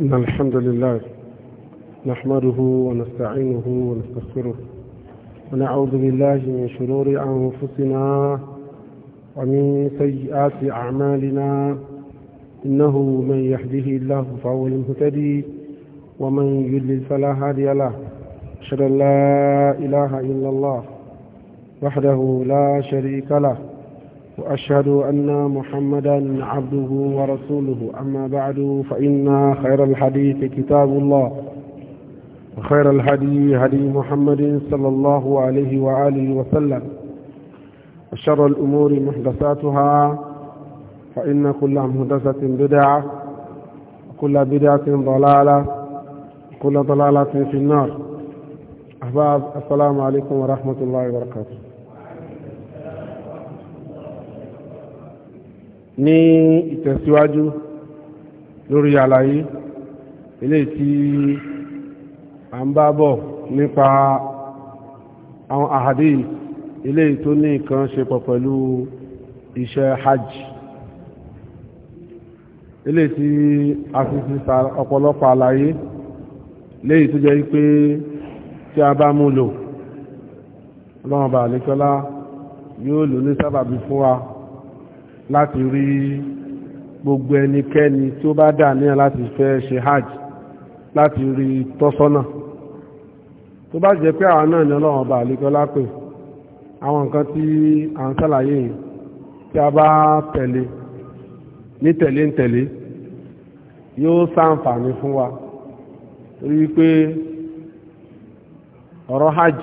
إن الحمد لله نحمده ونستعينه ونستغفره ونعوذ بالله من شرور أنفسنا ومن سيئات أعمالنا إنه من يحده الله فهو المهتدي ومن يضلل فلا هادي له أشهد أن لا إله إلا الله وحده لا شريك له وأشهد أن محمدا عبده ورسوله أما بعد فإن خير الحديث كتاب الله وخير الهدي هدي محمد صلى الله عليه وآله وسلم وشر الأمور محدثاتها فإن كل محدثة بدعة وكل بدعة ضلالة وكل ضلالة في النار أحباب السلام عليكم ورحمة الله وبركاته ní ìtẹ̀síwájú lórí àlàyé ilé tí a ń bá bọ̀ nípa àwọn àhàdí ilé tó ní nǹkan ṣe pọ̀ pẹ̀lú iṣẹ́ hajj ilé tí a fi ti sa ọ̀pọ̀lọpọ̀ àlàyé léyìí tó jẹ́ pé tí a bá mú lò ọlọ́run bá yóò lò ní sábàbí fún wa láti rí gbogbo ẹnikẹ́ni tí ó bá dà ní láti fẹ́ ṣe hajj láti rí tọ́sọ́nà tó bá jẹ́ pé àwọn náà ni ọlọ́run ọba àlekọ́ lápè àwọn nǹkan tí à ń sàlàyé yìí tí a bá tẹ̀lé ní tẹ̀lé ń tẹ̀lé yóò fún wa torí pé ọ̀rọ̀ hajj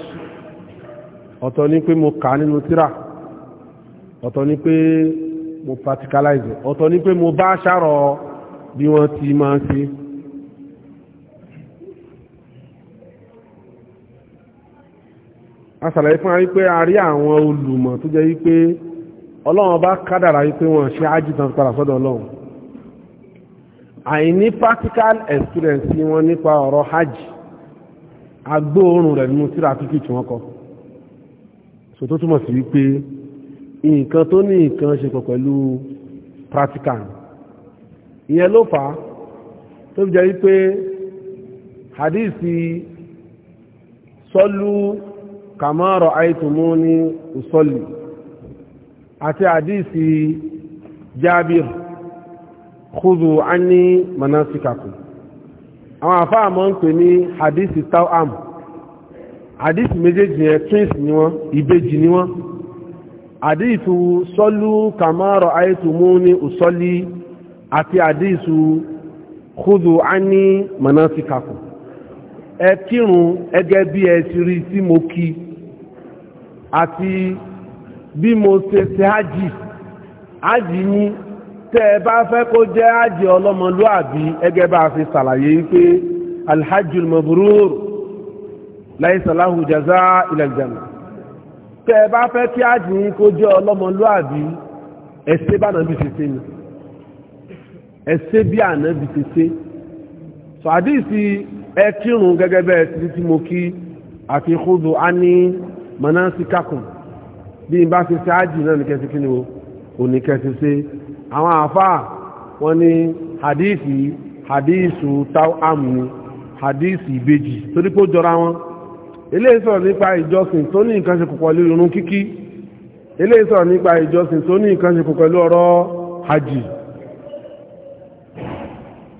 ọ̀tọ̀ ni pé mo kà nínú tírà ọ̀tọ̀ ni pé mo practicalize ọ̀tọ̀ ni pé mo bá ṣàrọ̀ bí wọ́n ti máa ṣe a ṣàlàyé fún wa wípé a rí àwọn olùmọ̀ tó jẹ́ wípé ọlọ́run bá kádàrà wípé wọ́n ṣe ájìtàn padà sọ́dọ̀ ọlọ́run àìní practical experience wọn nípa ọ̀rọ̀ hajj agbóòrùn rẹ̀ nínú tíra kíkì tí wọ́n kọ so tó túmọ̀ sí wípé nǹkan tó ní nǹkan ṣe pọ̀ pẹ̀lú practical ìyẹn ló fà á tó fi jẹ́ wípé hadithi sọ́lú kàmọ́rọ̀ àìtùmú ní ìsọ́lì àti hadithi jábìr kúzù á ní manasikaku àwọn àfáà mọ́ ń pè ní hadithi tawam hadithi méjèèjì yẹn twins ni wọ́n ìbejì ni wọ́n àdíìsù sọ́lú kàmọ́rọ̀ àìtùmú ní ùsọ́lí àti àdíìsù kúzù á ní mọ̀násíkàkù ẹ kírun ẹgẹ́ bí ẹ ti rí tí mo kí àti bí mo ṣe ṣe ájì ájì ní tẹ́ ẹ bá fẹ́ kó jẹ́ ájì ọlọ́mọlúàbí ẹgẹ́ bá fi ṣàlàyé wípé alhajjul mabrur láìsàláhù jaza ilal janna tẹ́ ẹ bá fẹ́ kí ájì yín kó jẹ́ ọlọ́mọlúàbí ẹ ṣe bí ànábì ṣe ṣe ni ẹ bí ànábì ṣe ṣe sọ àdìsí ẹ kírun gẹ́gẹ́ bẹ́ẹ̀ títí tí mo kí àti kúdù á ní mọ̀násíkàkùn bí n bá ṣe ṣe ájì náà ní kẹsí kí ni o ò ní kẹsí ṣe àwọn àfáà wọ́n ní àdìsí àdìsù táwọn àmì àdìsí ìbejì torí pé ó jọra wọn eléyìí sọ̀rọ̀ nípa ìjọsìn tó ní nǹkan ṣe kò pẹ̀lú irun kíkí eléyìí sọ̀rọ̀ nípa ìjọsìn tó ní nǹkan ṣe kò pẹ̀lú ọ̀rọ̀ hajj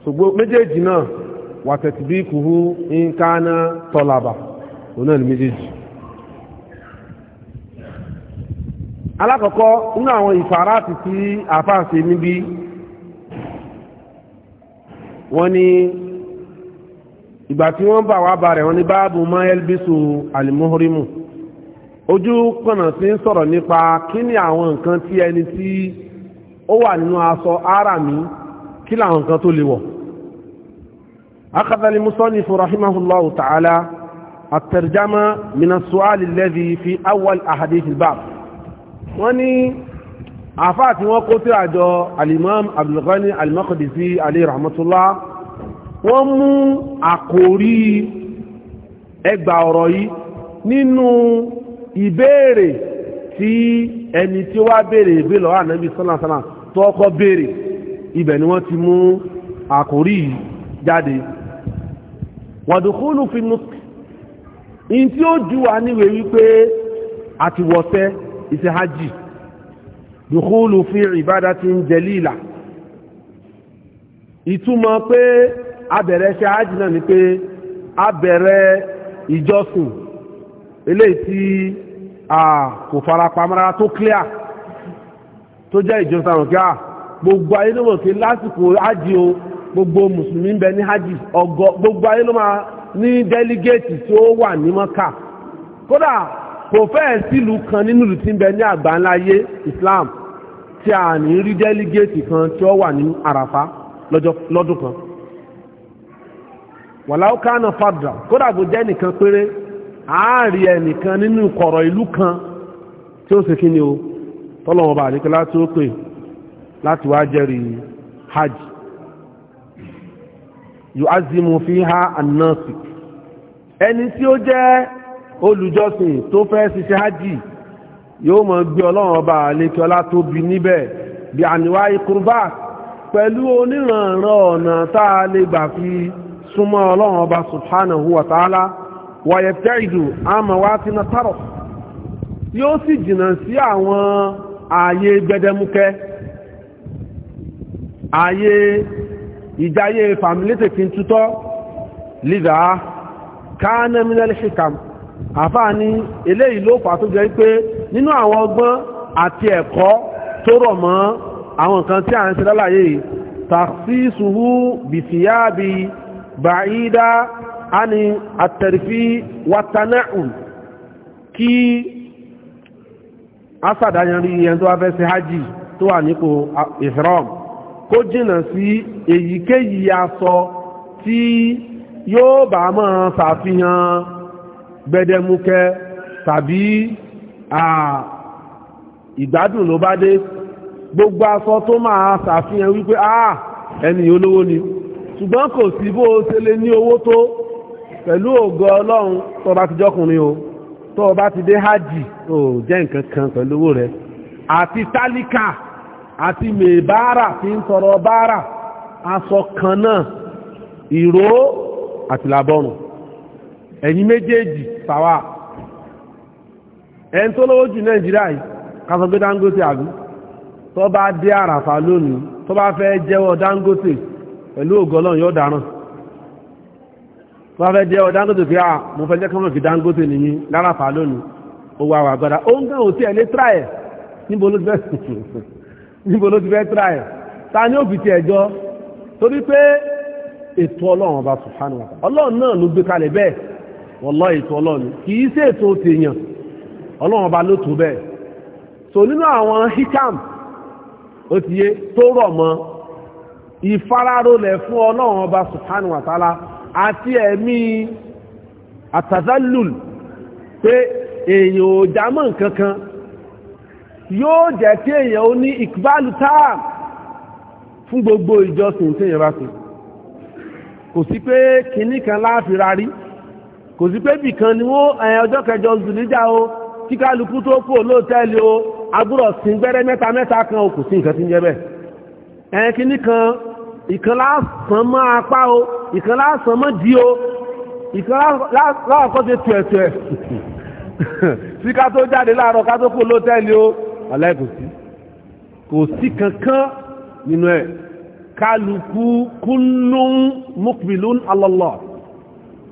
ṣùgbọ́n méjèèjì náà wà tẹ̀tì bí kùhú nǹkan tọ́laba òun náà méjèèjì alákọ̀ọ́kọ́ nínú àwọn ìfàràtì tí àfáàṣe níbi wọ́n ní ìgbà tí wọ́n bà wá bá rẹ̀ wọ́n ní báàbù mọ́ elbisu alimuhurimu ojú kọ̀nà tí ń sọ̀rọ̀ nípa kí ni àwọn nǹkan tí ẹni tí ó wà nínú aṣọ áràmí kí làwọn nǹkan tó lè wọ̀ akadali musonif rahimahullahu ta'ala atẹ̀rẹ̀jámá mina suwali lẹ́dí fi awal ahadith bab wọ́n ní àfáà tí wọ́n kó tí àjọ alimam abdulghani alimakadisi alayhi rahmatullah wọ́n mú àkòrí ẹgbà ọ̀rọ̀ yìí nínú ìbéèrè tí ẹni tí wá béèrè ìbé lọ́wọ́ ànábì sọ́nàsánà tó ọkọ̀ béèrè ibẹ̀ ni wọ́n ti mú àkòrí yìí jáde wàdùkúlù fi nù in tí ó ju wa níwèé wípé àti wọ̀sẹ̀ dùkúlù fi ìbádá ti ń jẹ lílà ìtumọ̀ pé abẹ̀rẹ̀ iṣẹ́ hajj náà ni pé abẹ̀rẹ̀ ìjọsìn eléyìí tí kò farapamọ́ra tó clear tó jẹ́ ìjọsìn àwọn kí á gbogbo ayé ló mọ̀ pé lásìkò o gbogbo mùsùlùmí ń bẹ ní hajj ọgọ gbogbo ayé ló máa ní délígéètì tí ó wà ní mọ́kà kódà kò fẹ́ẹ̀ sílùú kan nínú ìlú tí ń bẹ ní àgbáńláyé Islam tí a ní rí kan tí ó wà ní àràfá lọ́dún kan wàláwó kánà fàdà kódà kò jẹ́ nìkan péré ààrí ẹnìkan nínú kọ̀rọ̀ ìlú kan tí ó sì kí ni o tọ́lọ̀wọ̀n bá àríkẹ́ láti ó pè láti wá jẹ́rì hajj yóò azimu fi ha annasi ẹni tí ó jẹ́ olùjọ́sìn tó fẹ́ ṣiṣẹ́ hajj yóò mọ̀ gbé ọlọ́wọ̀n bá àríkẹ́ ọlá tó bi níbẹ̀ bí àníwá ikurba pẹ̀lú oníranran ọ̀nà tá a lè gbà fi súnmọ́ ọlọ́run ọba subhanahu wa ta'ala wa yabta'idu àmọ́ wá ti na tààrọ̀ yóò sì jìnnà sí àwọn ààyè gbẹdẹmukẹ ààyè ìjáyé fàmílétè fi ń tútọ́ lìdá kánẹ́mínẹ́lì ṣìkàm àfáà ní eléyìí ló fà tó jẹ́ pé nínú àwọn ọgbọ́n àti ẹ̀kọ́ tó rọ̀ mọ́ àwọn nǹkan tí a ń ṣe lálàyé tàṣíṣùhú bìfìyà a ani àtẹ̀rìfí wàtánàùn kí asàdáyanrí ẹni tó wá fẹ́ sí hajji tó wà nípò ihram kó jìnà yóò bá máa ṣàfihàn gbẹdẹmukẹ tàbí ìgbádùn ló bá dé gbogbo aṣọ tó máa ṣàfihàn wípé ah, ẹni olówó ni ṣùgbọ́n kò sí bó o ṣe lè ní owó tó pẹ̀lú ògo ọlọ́run tó bá ti jọ́kùnrin o tó bá ti dé hajj o jẹ́ nǹkan kan pẹ̀lú owó rẹ̀ àti tálíkà àti mèbára tí ń sọ̀rọ̀ bára aṣọ kan náà ìró àti làbọ́rùn ẹ̀yin méjèèjì sàwà ẹni tó lówó jù nàìjíríà yìí kásán dangote àbí tó bá dé àràfà lónìí tó bá fẹ́ jẹ́wọ́ dangote pẹ̀lú ògo Ọlọ́run yóò dáràn wọ́n fẹ́ jẹ́ ọ̀dángótò pé à mo fẹ́ jẹ́ kọ́mọ̀ fi dángótò nìyí lárafà lónìí ó wà wà gbọ́dá ó ń gán òtí ẹ̀ lé tráẹ̀ níbo ló ti fẹ́ tráẹ̀ ta ni ó fi ti ẹjọ́ torí pé ètò Ọlọ́run ọba subhanahu wa ta'ala Ọlọ́run náà ló gbé kalẹ̀ bẹ́ẹ̀ wọ́lọ́ ètò Ọlọ́run kì í ṣe ètò tèèyàn Ọlọ́run ọba ló tó bẹ́ẹ̀ so nínú àwọn hikam ó ti yé tó rọ̀ mọ́ ìfararolẹ̀ fún ọlọ́run ọba subhanahu wa ta'ala àti ẹ̀mí àtàzálùl pé èèyàn ò jámọ́ nǹkan kan yóò jẹ́ kí èèyàn ó ní ìkbálù táà fún gbogbo ìjọsìn tí èèyàn bá ṣe kò sí pé kinní kan láàfíra rí kò sí pé bìkan ni wọ́n ẹ̀yàn ọjọ́ kẹjọ zùlíjà o kí tó kú olóòtẹ́ẹ̀lì o agbúrọ̀ gbẹ́rẹ́ mẹ́ta mẹ́ta kan o kò sí nǹkan tí ń jẹ́ bẹ́ẹ̀ ẹ̀yàn kinní kan ìkan lásán mọ́ apá o ìkan lásán mọ́ dí o ìkan láàkọ́ ṣe tuẹ̀tuẹ̀ sí ká tó jáde láàárọ̀ ká tó kó lótẹ́ẹ̀lì o aláìkò sí kò sí kankan nínú ẹ̀ kálukú kúnnún mukbilun alallah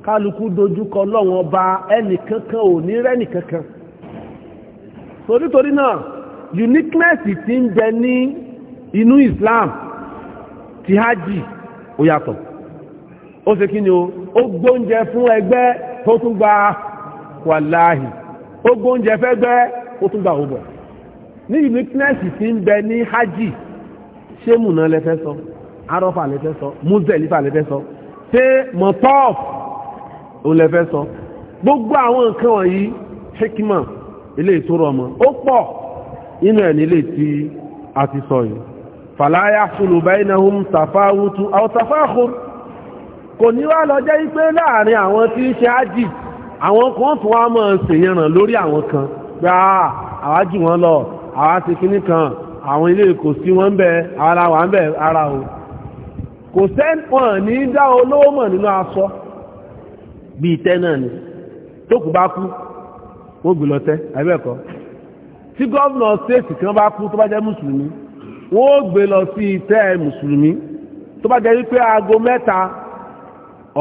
kálukú dojúkọ lọ́wọ́n ba ẹnìkankan ò ní rẹ́nìkankan so nítorí náà uniqueness ti ń bẹ ní inú Islam ti hajji ó yàtọ̀ ó ṣe kí ni o ó gbóúnjẹ fún ẹgbẹ́ tó tún gba wàláhì ó gbóúnjẹ fẹ́gbẹ́ ó tún gba òbọ̀ ní uniqueness ti ń bẹ ní hajji ṣé múná lẹ́fẹ́ sọ arọ́fà lẹ́fẹ́ sọ múzẹ̀lífà lẹ́fẹ́ sọ ṣé mọ̀tọ́ọ̀f òun lẹ́fẹ́ sọ gbogbo àwọn nǹkan wọ̀nyí hikima ilé ìtura ọmọ ó pọ̀ nínú ẹ̀ nílé tí a ti sọ yìí فلا yahsulu بينهم tafawutu aw tafakhur kò ní wá lọ jẹ́ pé láàrin àwọn tí ń ṣe ájì àwọn kan tún wá mọ̀ ṣèyànràn lórí àwọn kan gbá àwájì wọn lọ àwa ti kíní kan àwọn ilé kò sí wọn ń bẹ ara wà ń ara o kò sẹ́wọ̀n ní dá olówó mọ̀ nínú aṣọ bíi tẹ́ náà ni tó kù bá kú wọ́n gbìlọ́tẹ́ àbẹ́ẹ̀kọ́ tí gọ́ọ̀nà stéètì kan bá kú tó bá jẹ́ mùsùlùmí wọ́n gbé lọ sí ìtẹ́ mùsùlùmí tó bá jẹ́ wípé aago mẹ́ta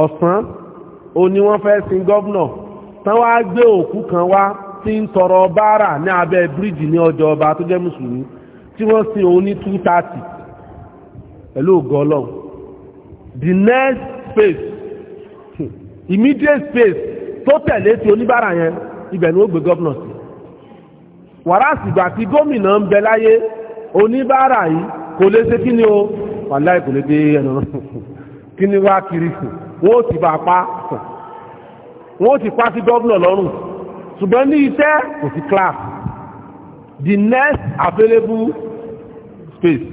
ọ̀sán o ni wọ́n fẹ́ sin gọ́vnọ̀ tán wá gbé òkú kan wá tí ń tọrọ báárà ní abẹ́ bíríjì ní ọjọ́ ọba tó jẹ́ mùsùlùmí tí wọ́n sin òun ní 230 pẹ̀lú ògọ́lọ̀ the next space immediate space tó tẹ̀lé ti oníbàárà yẹn ibẹ̀ ni ó gbé gọ́vnọ̀ sí wàrà àsìgbà tí gómìnà ń bẹ láyé oníbàárà yìí kò lè ṣe kí ni o wàláì kò lè dé ẹnu kí ni wá kiri wọ́n ó ti bá pa wọ́n ti pa sí gọ́vnà lọ́rùn ṣùgbọ́n ní iṣẹ́ kò sí class the next available space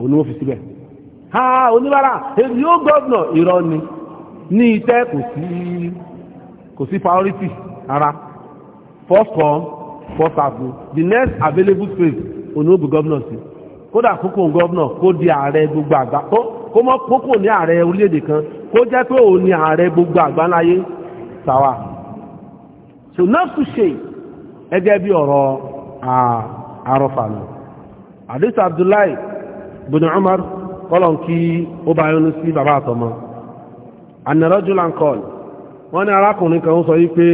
òní wọ́n fi síbẹ̀ ha oníbàárà èyí ó gọ́vnà irọ́ ni ní iṣẹ́ kò sí priority ara first come first serve the next available space onóògbé gọ́vnọ̀ sí kódà kókò gọ́vnọ̀ kó di ààrẹ gbogbo àgbà kó mọ́ kókò ní ààrẹ orílẹ̀-èdè kan kó jẹ́ pé òun ni ààrẹ gbogbo àgbà láyé sàwà so nọ́ọ̀sù ṣe ẹgẹ́ bí ọ̀rọ̀ àrọ̀fà lọ Abdullahi bin Umar kọ́lọ̀ kí ó bá yọnu sí bàbá àtọmọ anàrọ́júlan kọ́ọ̀lù wọ́n ní arákùnrin kan sọ wípé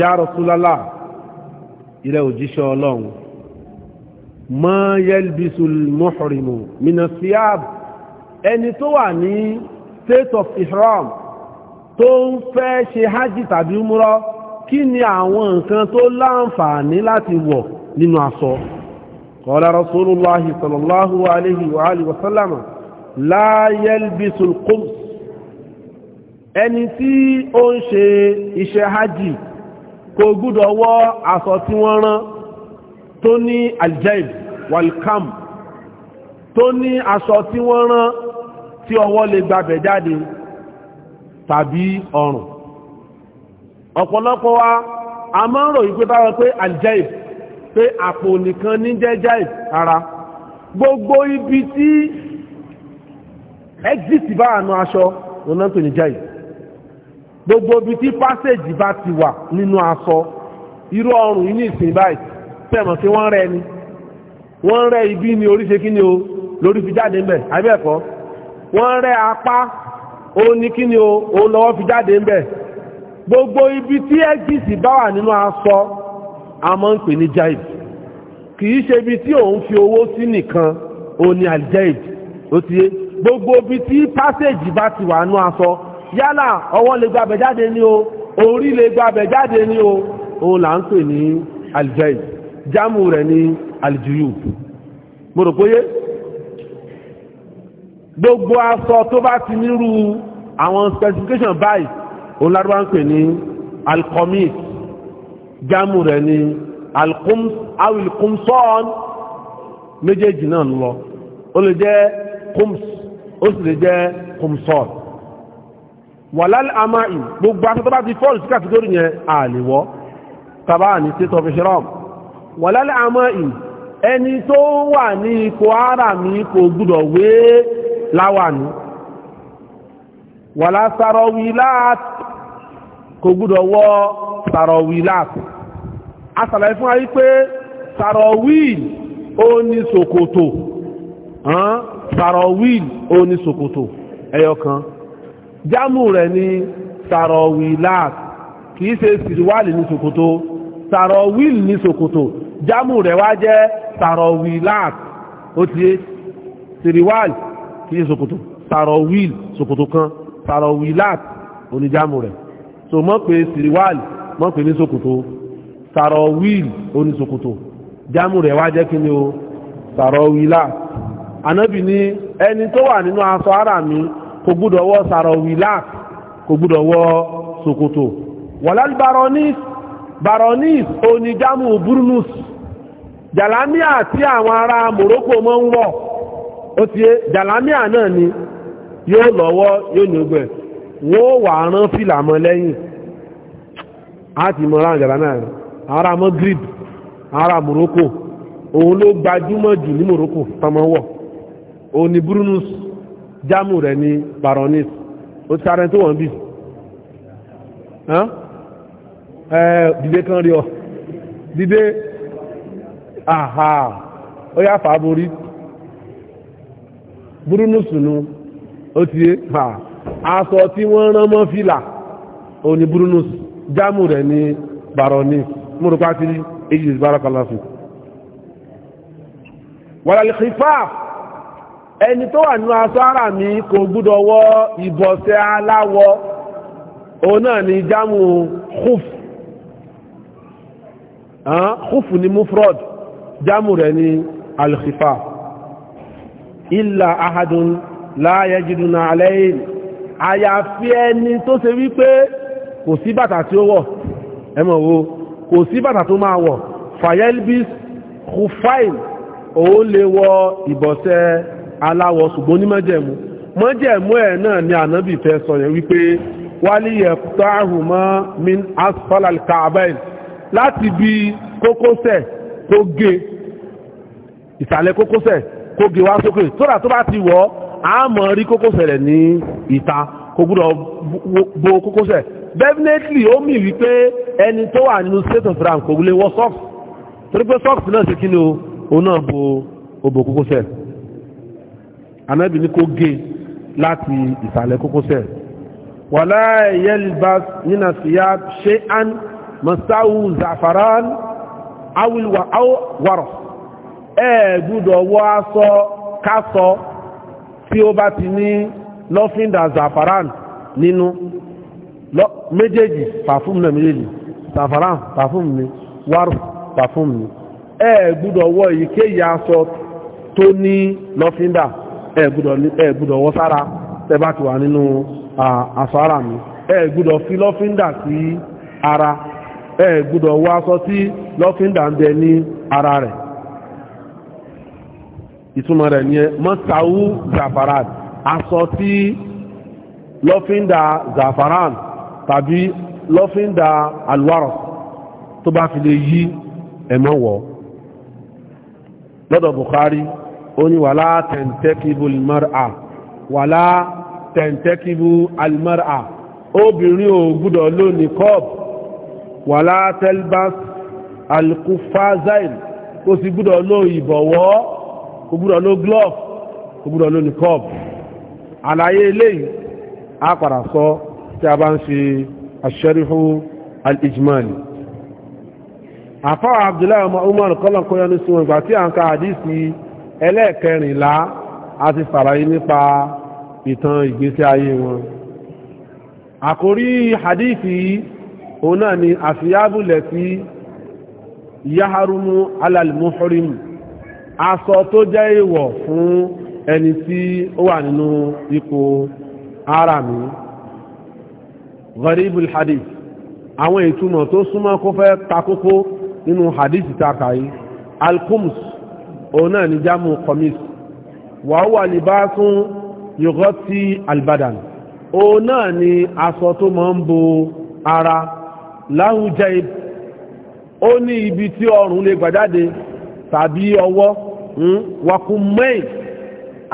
ya Rasulullah ilẹ̀ òjíṣẹ́ ọlọ́run ma yalbisul muhrimu mina siyab ẹni tó wà ní state of ihram tó ń fẹ́ ṣe hajji tàbí umrọ kí ni àwọn nǹkan tó láǹfààní láti wọ̀ nínú aṣọ qala rasulullahi sallallahu alaihi wa alihi wa sallam la yalbisul qums ẹni tí ó ń ṣe iṣẹ́ hajji kò gbúdọ̀ wọ aṣọ tí wọ́n rán tó ní aljaib walkam tó ní aṣọ tí wọ́n rán tí ọwọ́ lè gbabẹ̀ jáde tàbí ọrùn ọ̀pọ̀lọpọ̀ wa a máa ń ròyìn pé báwọn pé aljaib pé àpò nìkan ní jẹ́ jaib ara gbogbo ibi tí exit bá àánú aṣọ òun náà tó ní jaib gbogbo ibi tí passage bá ti wà nínú aṣọ irú ọrùn yìí ní ìsìn báyìí tẹ̀mọ̀ sí wọ́n rẹ ni wọ́n rẹ ibi ni orí kí ni o lórí fi jáde ńbẹ̀ àbẹ́ẹ̀kọ́ wọ́n rẹ apá o ní kí ni o o lọ́wọ́ fi jáde ńbẹ̀ gbogbo ibi tí ẹ́gìsì bá wà nínú aṣọ a máa ń pè ní jaib kì í ṣe ibi tí òun fi owó sí nìkan òun ni aljaib ó ti yé gbogbo ibi tí pásẹ̀jì bá ti wà nínú aṣọ yálà ọwọ́ lè gbàbẹ̀ jáde ni o orí lè gbàbẹ̀ jáde ni o òun là ń pè ní aljaib jámù rẹ̀ ní aljuyub mo rò póyé gbogbo aṣọ tó bá ti nírú àwọn specification báyìí òun lárúbá ń pè ní alkomis jámù rẹ̀ ní alkums awilkumson méjèèjì náà lọ ó lè jẹ́ kums ó sì lè jẹ́ kumson wàlálì amáì gbogbo aṣọ tó bá ti fọ́ọ̀lù sí kàtígórì yẹn àlèwọ́ tàbá ní state of israel wàlálẹ́ àmọ́ ì ẹni tó wà ní ipò ara mi kò gbúdọ̀ wé láwàní wàlá sàrọ̀wìláàt kò gbúdọ̀ wọ sàrọ̀wìláàt a sàlàyé fún ayé pé sàrọ̀wìl ó ní ṣòkòtò sàrọ̀wìl ó ní ṣòkòtò ẹyọkan jámù rẹ̀ ní sàrọ̀wìláàt kìí ṣe sìrìwálì ní ṣòkòtò sàrọ̀wìl ní ṣòkòtò jámù rẹ̀ wá jẹ́ tàrọ̀wìláàt ó ti yé tìrìwáàlì kì í ṣòkòtò tàrọ̀wìl ṣòkòtò kan tàrọ̀wìláàt oníjámù rẹ̀ so mọ́ pé tìrìwáàlì mọ́ pé ní ṣòkòtò tàrọ̀wìl oníṣòkòtò jámù rẹ̀ wá jẹ́ kí ni o tàrọ̀wìláàt anábì ní ẹni tó wà nínú aṣọ ara mi kò gbúdọ̀ wọ tàrọ̀wìláàt kò gbúdọ̀ wọ ṣòkòtò wọ̀lá baronis baronis oníjámù burnus jàlámíà tí àwọn ará Morocco mọ́ ń wọ̀ ó ti yé náà ni yóò lọ́wọ́ yóò ní ogbẹ̀ wọ́n wà rán fìlà mọ́ lẹ́yìn àti mọ́ ra rẹ̀ ará Morocco òun ló gbajúmọ̀ jù ní Morocco tọmọ wọ̀ òun ni Brunus jámù rẹ̀ ni baronis ó ti sáré àhà ó yá fà á borí búrúnùsùnù ó ti yé ha aṣọ tí wọ́n rán mọ́ fìlà ó ní búrúnùsù jámù rẹ̀ ní baroni múrùpá ti èjì ìbárakọlá fún wàlàlìkìfà ẹni tó wà nínú aṣọ ara mi kò gbúdọ̀ wọ ìbọ̀sẹ̀ aláwọ̀ òun náà ni jámù khuf khuf ni mufrod jámù rẹ̀ ní alkhifa illa ahadun la yajiduna alayhi àyàfi ẹni tó ṣe wípé kò sí bàtà tí ó wọ̀ ẹmọ̀ wo kò sí bàtà tó máa wọ̀ fayelbis hufail òun lè wọ ìbọ̀sẹ̀ aláwọ̀ ṣùgbọ́n ní mọ́jẹ̀mú mọ́jẹ̀mú ẹ̀ náà ni ànábì fẹ́ sọ wípé wálé yẹ̀kútà àrùn mọ́ min asfalal kaabail láti bí kókósẹ̀ kó gé ìsàlẹ̀ kókósẹ̀ kó gé wá sókè sódà tó bá ti wọ̀ ọ́ a mọ̀ rí kókósẹ̀ rẹ̀ ní ìta kò gbúdọ̀ bo kókósẹ̀ definitely ó mì wípé ẹni tó wà nínú state of ram kò wulẹ̀ wọ̀ socks torí pé socks náà ṣe kí ni o òun náà bo òbò kókósẹ̀ anábì ní kó gé láti ìsàlẹ̀ kókósẹ̀ wàlá yẹlbas nínà síyá ṣe án masáwù zafaran awilwa wọ̀rọ̀ ẹ gbúdọ̀ wọ aṣọ kásọ tí ó zafaran ninu mejeji pàfúm náà méjèèjì zafaran pàfúm ni wọ́rọ̀ pàfúm ni ẹ gbúdọ̀ wọ ìkéyìí aṣọ tó ní lọ́fíndà ẹ gbúdọ̀ ti ara mi ẹ fi ara ẹ gbọ́dọ̀ wọ aṣọ tí lọ́fíńdà ń bẹ ní ara rẹ̀ ìtumọ̀ rẹ̀ ni ẹ mọ́sáwú zafaran aṣọ tí lọ́fíńdà zafaran tàbí lọ́fíńdà alwaro tó bá fi lè yí ẹ̀mọ́ wọ̀ lọ́dọ̀ Bukhari ó ní wàlá tẹ̀ntẹ́kìbù almar'a wàlá tẹ̀ntẹ́kìbù almar'a obìnrin ò gbọ́dọ̀ lónìí kọ́ọ̀bù wàlá telbas alkufazain kò sì gbúdọ̀ ló ìbọ̀wọ́ kò gbúdọ̀ ló glove kò gbúdọ̀ ló nìkọ́b àlàyé eléyìí a padà sọ tí a bá ń ṣe aṣẹ́ríhú al-ijmali àfáà abdullahi ọmọ umar kọ́lọ̀ kọ́yọ́ ní sí wọn ìgbà tí a ń ka àdísì ẹlẹ́ẹ̀kẹrìnlá a ti sàlàyé nípa ìtàn ìgbésí ayé wọn àkórí àdísì òun náà ni àfiyábùlẹ̀ sí yaharumu alalmuhurimu aṣọ tó jẹ́ ìwọ̀ fún ẹni tí ó wà nínú ipò ara mi gharibul hadith àwọn ìtumọ̀ tó súnmọ́ kó fẹ́ takókó nínú hadith takayi alkums òun náà ni jámù kọmis wà wà libasun yughatti albadan òun náà ni aṣọ tó máa ń bo ara láhùn jẹ́ ó ní ibi tí ọrùn lè gbàjáde tàbí ọwọ́ hmm, wakùn mẹ́ìn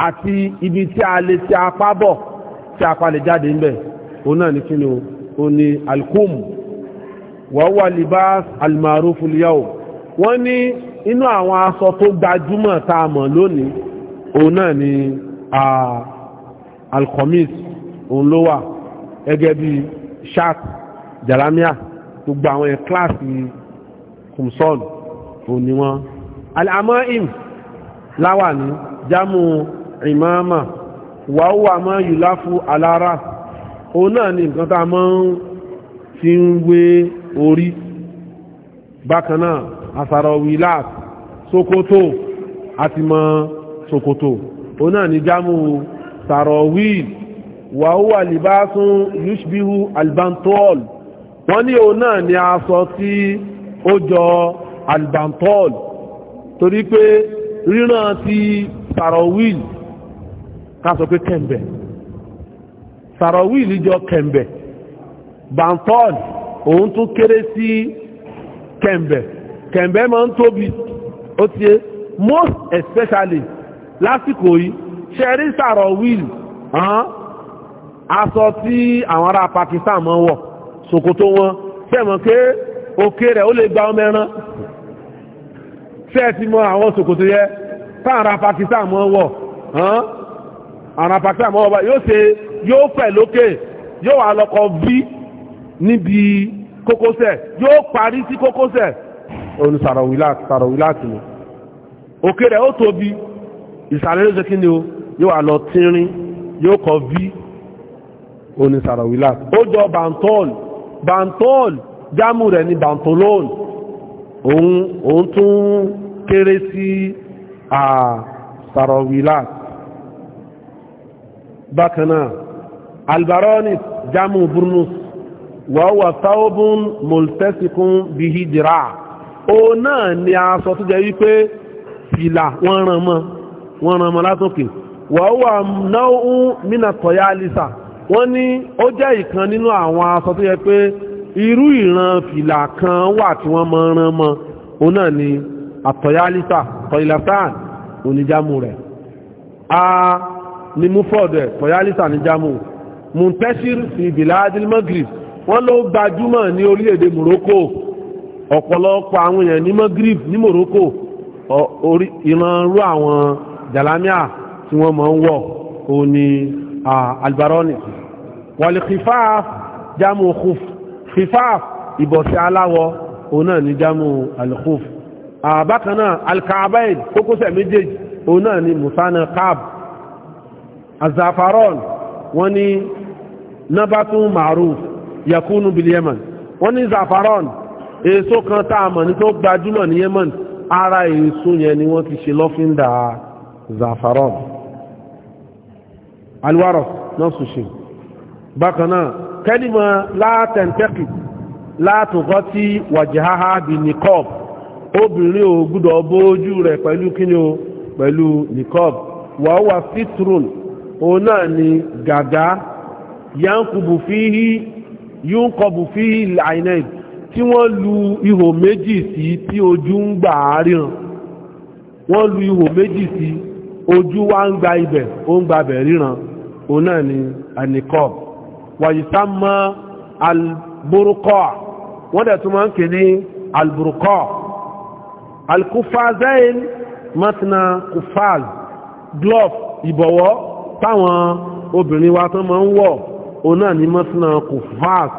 àti ibi tí a lè ti apá bọ̀ tí apá lè jáde ń bẹ̀ òun náà ní kí ni ó ní alkum wọ́wọ́ libas almarufu liyau wọ́n ní inú àwọn aṣọ tó gbajúmọ̀ tá a mọ̀ lónìí òun náà ni alkomis òun ló wà gẹ́gẹ́ bí shat jalamia gbogbo àwọn yẹn kíláàsì kùmsọ́n ò ní wọn àmọ́ im láwà ní jámù ìmáàmà wàhùwà mọ́ yùláfù alára òun náà ni nǹkan tá a mọ́ fi ń wé orí bákan náà asàrọ̀wìláàt sokoto àti mọ́ sokoto òun náà ni jámù sàrọ̀wìl wàhùwà libásun yushbihu albantol wọ́n ní òun náà ni aṣọ tí ó jọ albantol torí pé ríran ti sarawil ká sọ pé kẹ̀m̀bẹ̀ sarawil jọ kẹ̀m̀bẹ̀ bantol òun tún kéré sí kẹ̀m̀bẹ̀ kẹ̀m̀bẹ̀ máa ń tóbi ó ti yé most especially lásìkò yìí ṣẹ̀rí sarawil aṣọ tí àwọn ará Pakistan máa ń wọ̀ ṣòkòtò wọn tẹ̀mọ̀ pé òkè rẹ̀ ó lè gba ọmọ ẹran tẹ́ẹ̀tì mọ́ àwọn ṣòkòtò yẹ táàrà Pakistan mọ́ wọ̀ àrà Pakistan mọ́ wọ̀ yóò ṣe yóò pẹ̀ lókè yóò wà lọ́kọ̀ bí níbi kókósẹ̀ yóò parí sí kókósẹ̀ òun sàrọ̀wìláàtì mọ́ òkè rẹ̀ ó tóbi ìsàlẹ̀ ló ṣe kí ni o yóò wà lọ tínrín yóò kọ bí òun sàrọ̀wìláàtì ó jọ bàntọ́ọ̀lù bantol jámù rẹ̀ ni bantolon òun òun tún kéré sí àsàrọ̀wìlát bákanáà albaronis jámù burnus wọ́n wà sáwọ́bùn mọ̀lẹ́sìkún bí o náà ni a sọ tó jẹ́ wípé fìlà wọ́n ràn mọ́ wọ́n ràn mọ́ náà ń mínà tọ́yá alisa wọ́n ní ó jẹ́ ìkan nínú àwọn aṣọ tó yẹ pé irú ìran fìlà kan wà tí wọ́n mọ ran mọ òun náà ni àtọ̀yálítà tọ̀yìlàtàn oníjámù rẹ̀ a ni mú fọ́ọ̀dù ẹ̀ níjámù muntashir fi biladil magrib wọ́n ló gbajúmọ̀ ní orílẹ̀-èdè Morocco ọ̀pọ̀lọpọ̀ àwọn èèyàn ní magrib ní Morocco ìran rú àwọn jàlámíà tí wọ́n mọ̀ ń wọ̀ òun ni Ah, albaroni wàlì khifaf jámù khuf khifaf ìbọ̀sẹ̀ aláwọ̀ òun náà ni jámù alkhuf àbákanáà alkaabaid kókósẹ̀ méjèèjì òun náà ni musana kaab azafaron wọ́n ni nabatun maruf yakunu bil yemen wọ́n ni zafaron èso kan táàmà ní tó gbajúmọ̀ ní yemen ara èso yẹn ni wọ́n ti ṣe lọ́fíndà zafaron Alwaro, náà sùn ṣe bákan náà kẹ́lìmọ̀ látẹ̀ntẹ́kì látùkọ́ tí wàjíháhá bí nìkọ́b obìnrin ò gbúdọ̀ bójú rẹ̀ pẹ̀lú kíni o pẹ̀lú nìkọ́b wàhùwà fitrun òun náà ni gàgá yankubu fihi yunkobu fihi lainai tí wọ́n lu ihò méjì sí tí ojú ń gbà á ríran wọ́n lu ihò méjì sí ojú wa ń gba ibẹ̀ ó ń gbabẹ̀ ríran òun náà ni anikob wàyíta mọ́ alburukọ́ wọ́n dẹ̀ tún máa ń kè ní alburukọ́ alkufazain matna kufaz glove ìbọ̀wọ́ táwọn obìnrin wa tán máa ń wọ̀ òun náà ni matna kufaz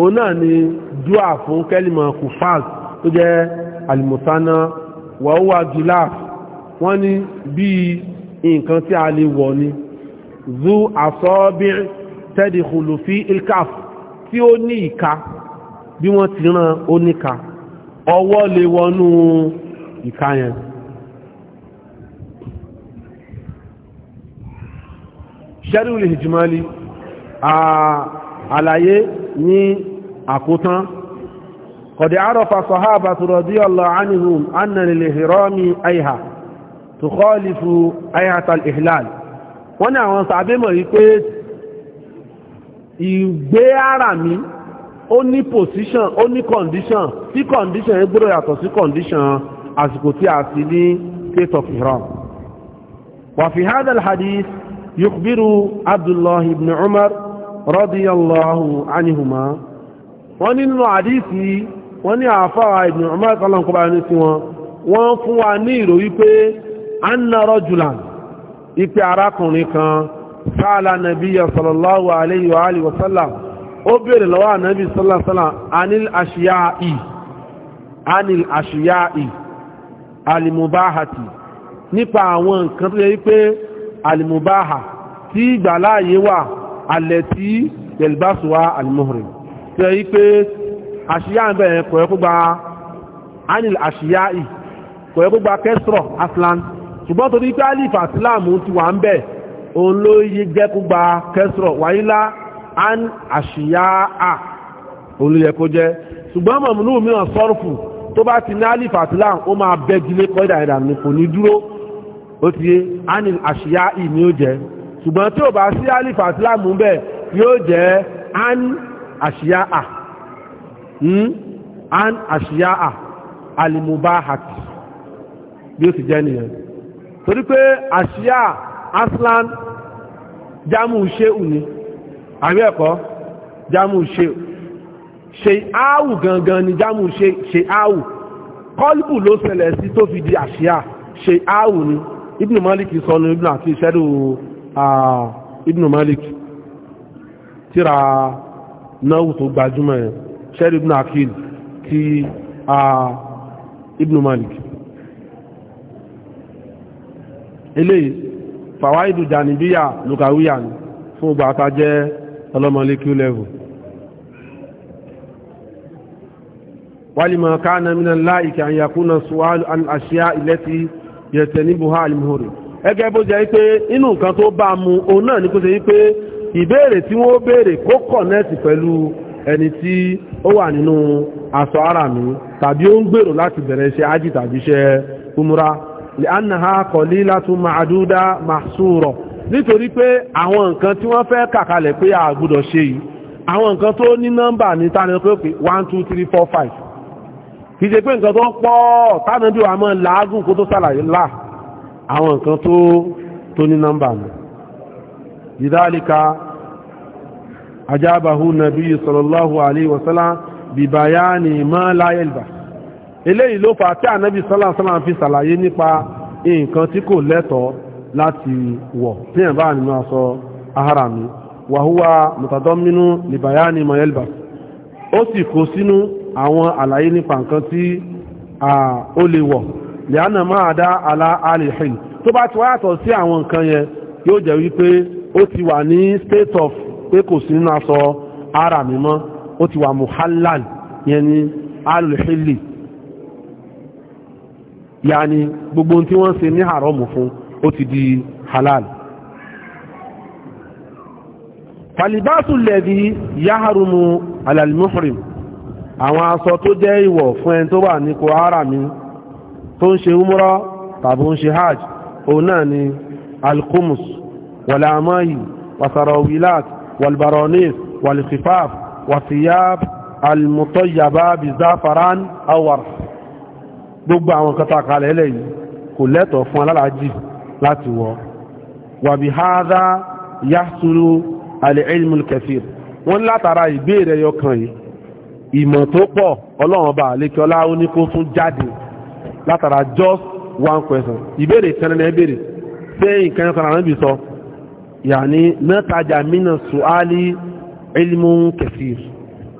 òun náà ni dúà fún kẹ́lìmọ̀ kufaz tó jẹ́ alimusana wàhùwà gilaf wọ́n ní bíi nǹkan tí a lè wọ̀ ni zu asọ́bìr tẹ́dìkùlù fi ilkaf tí ó ní ìka bí wọ́n ti rán oníka ọwọ́ lè wọnú ìka yẹn ṣẹ́rìwìlì ìjìmọ́lì àlàyé ní àkótán قد عرف صحابة رضي الله عنهم أن للإهرام أيها تخالف أيها الإحلال wọ́n ní àwọn sàbẹ́mọ̀ yìí pé ìgbé ara mi ó ní position ó ní condition tí condition yẹn gbọ́dọ̀ yàtọ̀ sí condition àsìkò tí a sì ní state of Iran wàfi hadal hadith yukbiru abdullahi ibn umar radiyallahu anihuma wọ́n nínú àdísì wọ́n ní àfáwà ibn umar kọlọ̀kọba ní sí wọn wọ́n fún wa ní ìròyí pé anna rajulan ipe arákùnrin kan sáàlá nàbíyà sallallahu alayhi wa alihi wa sallam ó bèèrè lọ́wọ́ ànábì sallallahu alayhi wa sallam anil ashiya'i anil ashiya'i alimubahati nípa àwọn nǹkan tó yẹ wípé alimubaha tí ìgbàláàyé wà alẹ́ tí yalbasuwa alimuhrim tó yẹ wípé àṣíyá ń bẹ̀rẹ̀ kọ̀ẹ́kúgba anil ashiya'i kọ̀ẹ́kúgba kẹsìrọ̀ aslan ṣùgbọ́n torí pé alif àti láàmù ti wà ń bẹ̀ òun ló yí jẹ́kúgba kẹsìrọ̀ wáyílá an àṣìyá à òun ló yẹ kó jẹ́ ṣùgbọ́n mọ̀mùnú mìíràn sọ́rùfù tó bá ti ní alif àti láàmù ó máa bẹ́gilé kọ́ ìdàdànù kò ní dúró ó ti an àṣìyá ì ni àti an àṣìyá à hmm? alimubahati bí ó ti jẹ́ nìyẹn torí pé àṣíyà aslan jamu sheu ni àbí ẹ̀kọ́ jamu sheu ṣe áwù gangan ni jamu ṣe áwù kọlùbù ló ṣẹlẹ̀ sí tó fi di àṣíyà ṣe áwù ni ibn malik sọnù ibn àti ìṣẹ́lú ibn malik tíra náwù tó gbajúmọ̀ ṣẹ́lú ibn akil ti ibn malik eléyìí fàwáìdù jànìbíyà lùkàwíyà ni fún ọgbà àta jẹ́ ọlọ́mọlé q level wálìmọ̀ káàna mìíràn láìkà àyàkúnà sùwálù àṣíyá yẹ̀tẹ̀ níbù ha àlìmọ̀rẹ̀ ẹgẹ́ bó jẹ́ pé inú nǹkan tó bá mu òun náà ní kó ṣe wípé ìbéèrè tí wọ́n kó kọ̀nẹ́ẹ̀tì pẹ̀lú ẹni tí ó wà nínú ara mi tàbí ó ń gbèrò láti bẹ̀rẹ̀ iṣẹ́ ájì tàbí لأنها قليلة معدودة محصورة nítorí pé àwọn nǹkan tí wọ́n fẹ́ kàkalẹ̀ pé a gbọ́dọ̀ ṣe yìí àwọn nǹkan tó ní nọ́mbà ní tánà pé pé one two three four five kì í ṣe pé nǹkan tó pọ̀ tánà bí wàá mọ́ làágùn kó tó ṣàlàyé là àwọn nǹkan tó ní nọ́mbà ní. ìdálíka ajábàhù nàbí sallallahu alayhi wa bìbáyá ni mọ́ láyé eléyìí ló fà tí ànábì sọ́lá sọ́lá fi ṣàlàyé nípa nǹkan tí kò lẹ́tọ̀ọ́ láti wọ̀ tí ẹ̀ bá nínú aṣọ ahara mi wàhúwa mutadamminu libayani mayelba ó sì kó sínú àwọn àlàyé nípa nǹkan tí ó lè wọ̀ lẹ́yìn máa dá alá alìhìn tó bá ti wáyàtọ̀ sí àwọn nǹkan yẹn yóò jẹ́ wípé ó ti wà ní state of pé kò sí nínú aṣọ ara mi mọ́ ó ti wà muhallal yẹn ní alìhìlì yaani gbogbo tí wọ́n ṣe ní haramu fún ó ti di halal falibasu lẹ́bí yaharumu alalmuhrim àwọn aṣọ tó jẹ́ ìwọ̀ fún ẹni tó wà ní kò harami tó ń ṣe umra tàbí ń ṣe hajj òun náà ni alkumus walamayi wasarawilat walbaronis walkhifaf wasiyab almutoyaba bizafaran awarf gbogbo àwọn nǹkan takalẹ̀ eléyìí kò lẹ́tọ̀ọ́ fún alálàájì láti wọ̀ wa bi hadha yahsulu al-ilmu al-kathir wọ́n látara ìbéèrè yọkàn yìí ìmọ̀ tó pọ̀ ọlọ́run bá àlékẹ́ ọlá jáde látara just one question ìbéèrè kanẹ́nẹ́ ìbéèrè pé nǹkan kan àwọn ibi sọ yàní mẹ́tajà mínà sùálì ilmu kathir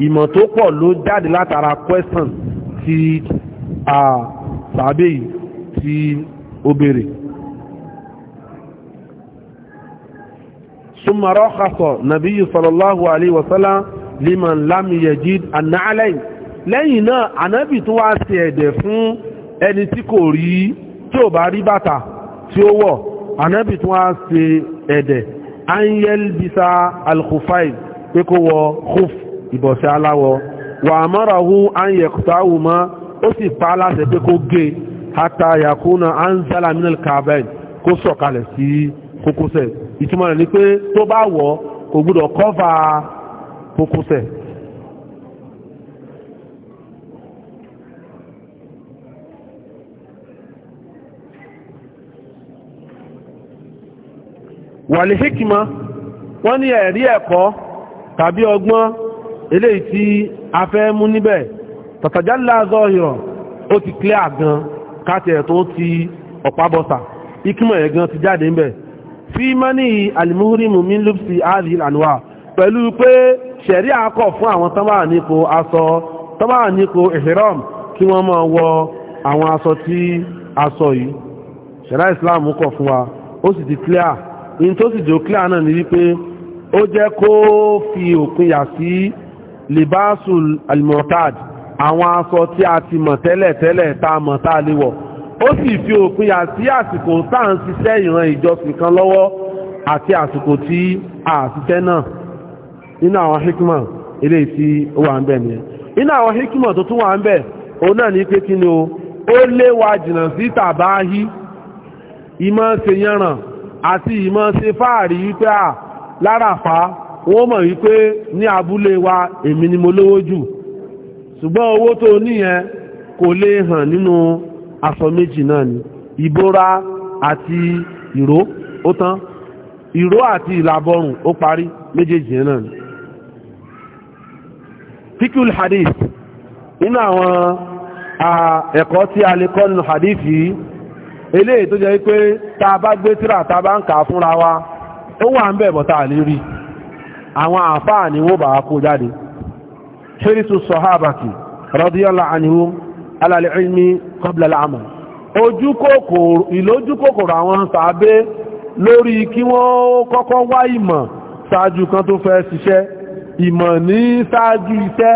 ìmọ̀ tó pọ̀ ló jáde látara question ti a sàbẹ̀ yìí tí ó béèrè summa rakhasa nabiyyu sallallahu alayhi wa sallam liman lam yajid an-na'layn lẹ́yìn náà ànábì tó wá ṣe ẹ̀dẹ̀ fún ẹni tí kò rí tí ò bá rí bàtà tí ó wọ̀ ànábì tó wá ṣe ẹ̀dẹ̀ anyel bisa pé kó wọ khuf ìbọ̀sẹ̀ aláwọ̀ wà marahu an yaqta'uma ó sì pa á láṣẹ pé kó gé e. ata yakuna anzala minel kaben kó sọ̀kalẹ̀ sí kókósẹ̀ ìtumọ̀ rẹ̀ ni pé tó bá wọ̀ kò gbúdọ̀ kọ́fà kókósẹ̀ wàlì hikima wọ́n ní ẹ̀rí ẹ̀kọ́ tàbí ọgbọ́n eléyìí tí a fẹ́ mú níbẹ̀ tàtàjálà zọ́ọ̀yọ̀ ó ti clear gan káàtẹ̀ tó ti ọ̀pá bọ́sà ikímọ̀ ẹ̀ gan ti jáde ń bẹ̀ fi mọ́ní alimuhurimu min lupsi ali anwa pẹ̀lú pé ṣẹ̀rí àkọ́ fún àwọn tọ́mà islam kọ̀ fún wa ó sì ti clear in tó libasul almortad àwọn aṣọ tí a ti mọ̀ tẹ́lẹ̀tẹ́lẹ̀ tá a mọ̀ tá a lè wọ̀ ó sì fi òpin àti àsìkò tá à ń ṣiṣẹ́ ìran ìjọsìn kan lọ́wọ́ àti a ṣiṣẹ́ náà nínú àwọn hikma eléyìí tí ó wà ń bẹ̀ nìyẹn nínú àwọn hikma tó tún wà ń bẹ̀ òun náà ní pé kí ni o ó léwa jìnnà sí ìmọ̀ ṣe àti ìmọ̀ ṣe fáàrí wípé à wọ́n mọ̀ wípé ní abúlé wa èmi ni mo lówó jù ṣùgbọ́n owó tó níyẹn kò lè hàn nínú aṣọ méjì náà ni ìbora àti ìró ó tán ìró àti ìlàbọrùn ó parí méjèèjì náà ni fikul hadith nínú àwọn ẹ̀kọ́ tí a lè kọ́ nínú hadith yìí eléyìí tó jẹ́ pé ta a bá gbé tírà tá bá ń kà fúnra wa ó wà ń bẹ̀ bọ̀ tá a lè rí wọ́n kó jáde hirisu sọ̀hábàkì رضي الله عنهم على العلم قبل العمل. amal ojúkòkòrò ìlójúkòkòrò àwọn sàábé lórí kí wọ́n kọ́kọ́ wá ìmọ̀ ṣáájú kan tó fẹ́ ṣiṣẹ́ ìmọ̀ ní ṣáájú iṣẹ́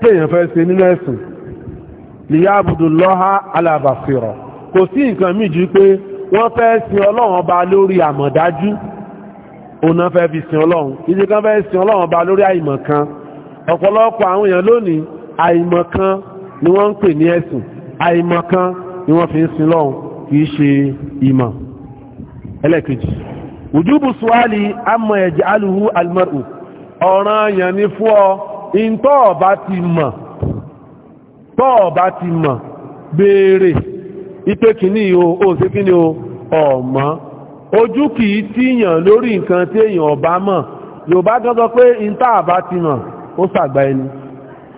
tèèyàn fẹ́ ṣe nínú ẹ̀sìn liyabudu lọ́ha ala basira kò sí nǹkan míì ju pé wọ́n fẹ́ sin ọlọ́run ọba lórí àmọ̀dájú òun náà fẹ́ fi sin ọlọ́run ọ̀pọ̀lọpọ̀ àwọn èèyàn lónìí àìmọ̀kan ni wọ́n ń pè ní ẹ̀sìn àìmọ̀kan ni wọ́n fi ń sin lọ́hun kìí ṣe ìmọ̀ ẹlẹ́kejì ojúbù suwali amọ̀ ẹ̀jẹ̀ aluhu almaru ọ̀ràn yẹn ni fún ọ ìntọ́ọ̀bá ti mọ̀ tọ́ọ̀bá ti mọ̀ béèrè ipé kìíní o ó sí kìíní o ọ̀mọ́ ojú kìí tíyàn lórí nǹkan tí èèyàn ọ̀bá mọ̀ Yorùbá gan sọ pé ìntọ́ọ̀bá ti mọ̀ ó sàgbà ẹni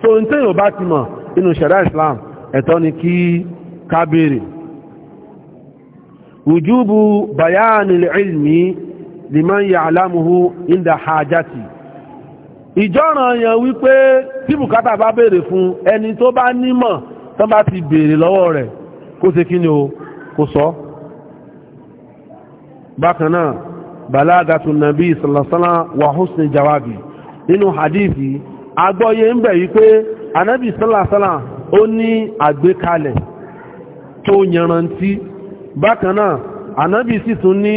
so n tẹ́yìn ọba ti mọ̀ inú ṣẹ̀dá islam ẹ̀tọ́ ni kí ká béèrè wùjúbù bayanil ilmi liman ya'lamuhu inda hajati ìjọ́ràn yẹn wípé tí bùkátà bá béèrè fún ẹni tó bá nímọ̀ tán bá ti béèrè lọ́wọ́ rẹ̀ kó ṣe kí ni o kó sọ bákan náà balagatu nabi sallallahu alaihi jawabi nínú hadithi agbọ́yé ń bẹ̀ yí pé anábì sálàsálà ó ní àgbékalẹ̀ tó yanrantí bákanáà anábì sì tún ní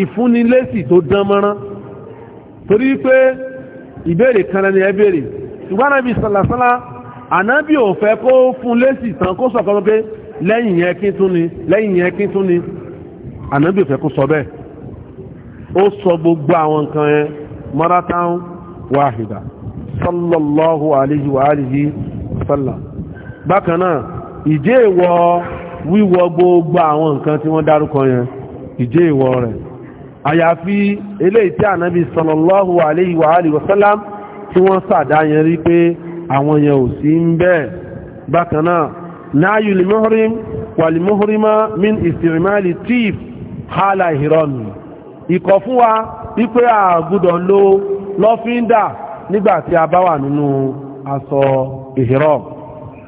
ìfúnnilésì tó dánmọ́rán torí pé ìbéèrè kan lẹ́ni ẹ ṣùgbọ́n anábì sálàsálà anábì ò fẹ́ kó fún lésì tán kó pé lẹ́yìn gbogbo àwọn nǹkan maratan wahida sallallahu alaihi wa alihi sallam bákan náà ìjẹ́ ìwọ wíwọ gbogbo àwọn nǹkan tí wọ́n dárúkọ yẹn ìjẹ́ ìwọ rẹ̀ àyàfi eléyìí tí ànábì sallallahu alaihi wa alihi wa sallam tí wọ́n sàdá yẹn rí pé àwọn yẹn ò sí ń bẹ́ẹ̀ bákan náà lè mọ́húrín wà lè mọ́húrín min ìsìnrìmáàlì tíìf hálà ìhìrọ́nù ìkọ̀ fún wa wípé a gbọ́dọ̀ lo lọ́fíńdà nígbàtí a bá wà nínú aṣọ ìhìrọ̀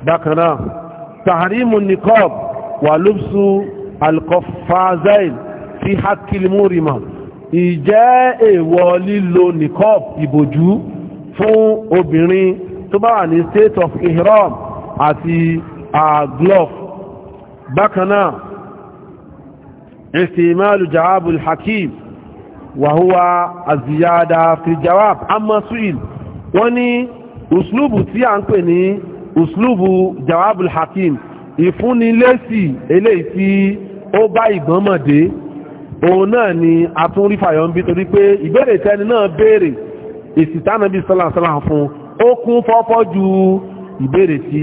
bákanáà tàhàrímù nìkọ́b wà lóbsù alkọfàzáìl fi hakilmúrìmà ìjẹ́ èèwọ̀ lílo nìkọ́b ìbòjú fún obìnrin tó bá wà ní state of ihram àti aglove bákanáà ìsìmáàlù jahabul hakim wàhúwa àzìyàdà fìjàwàb amasuil wọ́n ní uslubu tí a ń pè ní uslubu jawabul hakim ìfúnnilésì eléyìí tí ó bá ìgbọ́nmọ̀dé òun náà ni a tún rí fàyọ̀ ń bí torí pé ìbéèrè tẹni náà béèrè èsì tánàbí sọ́làsọ́là fún ó kún fọ́fọ́ ju ìbéèrè tí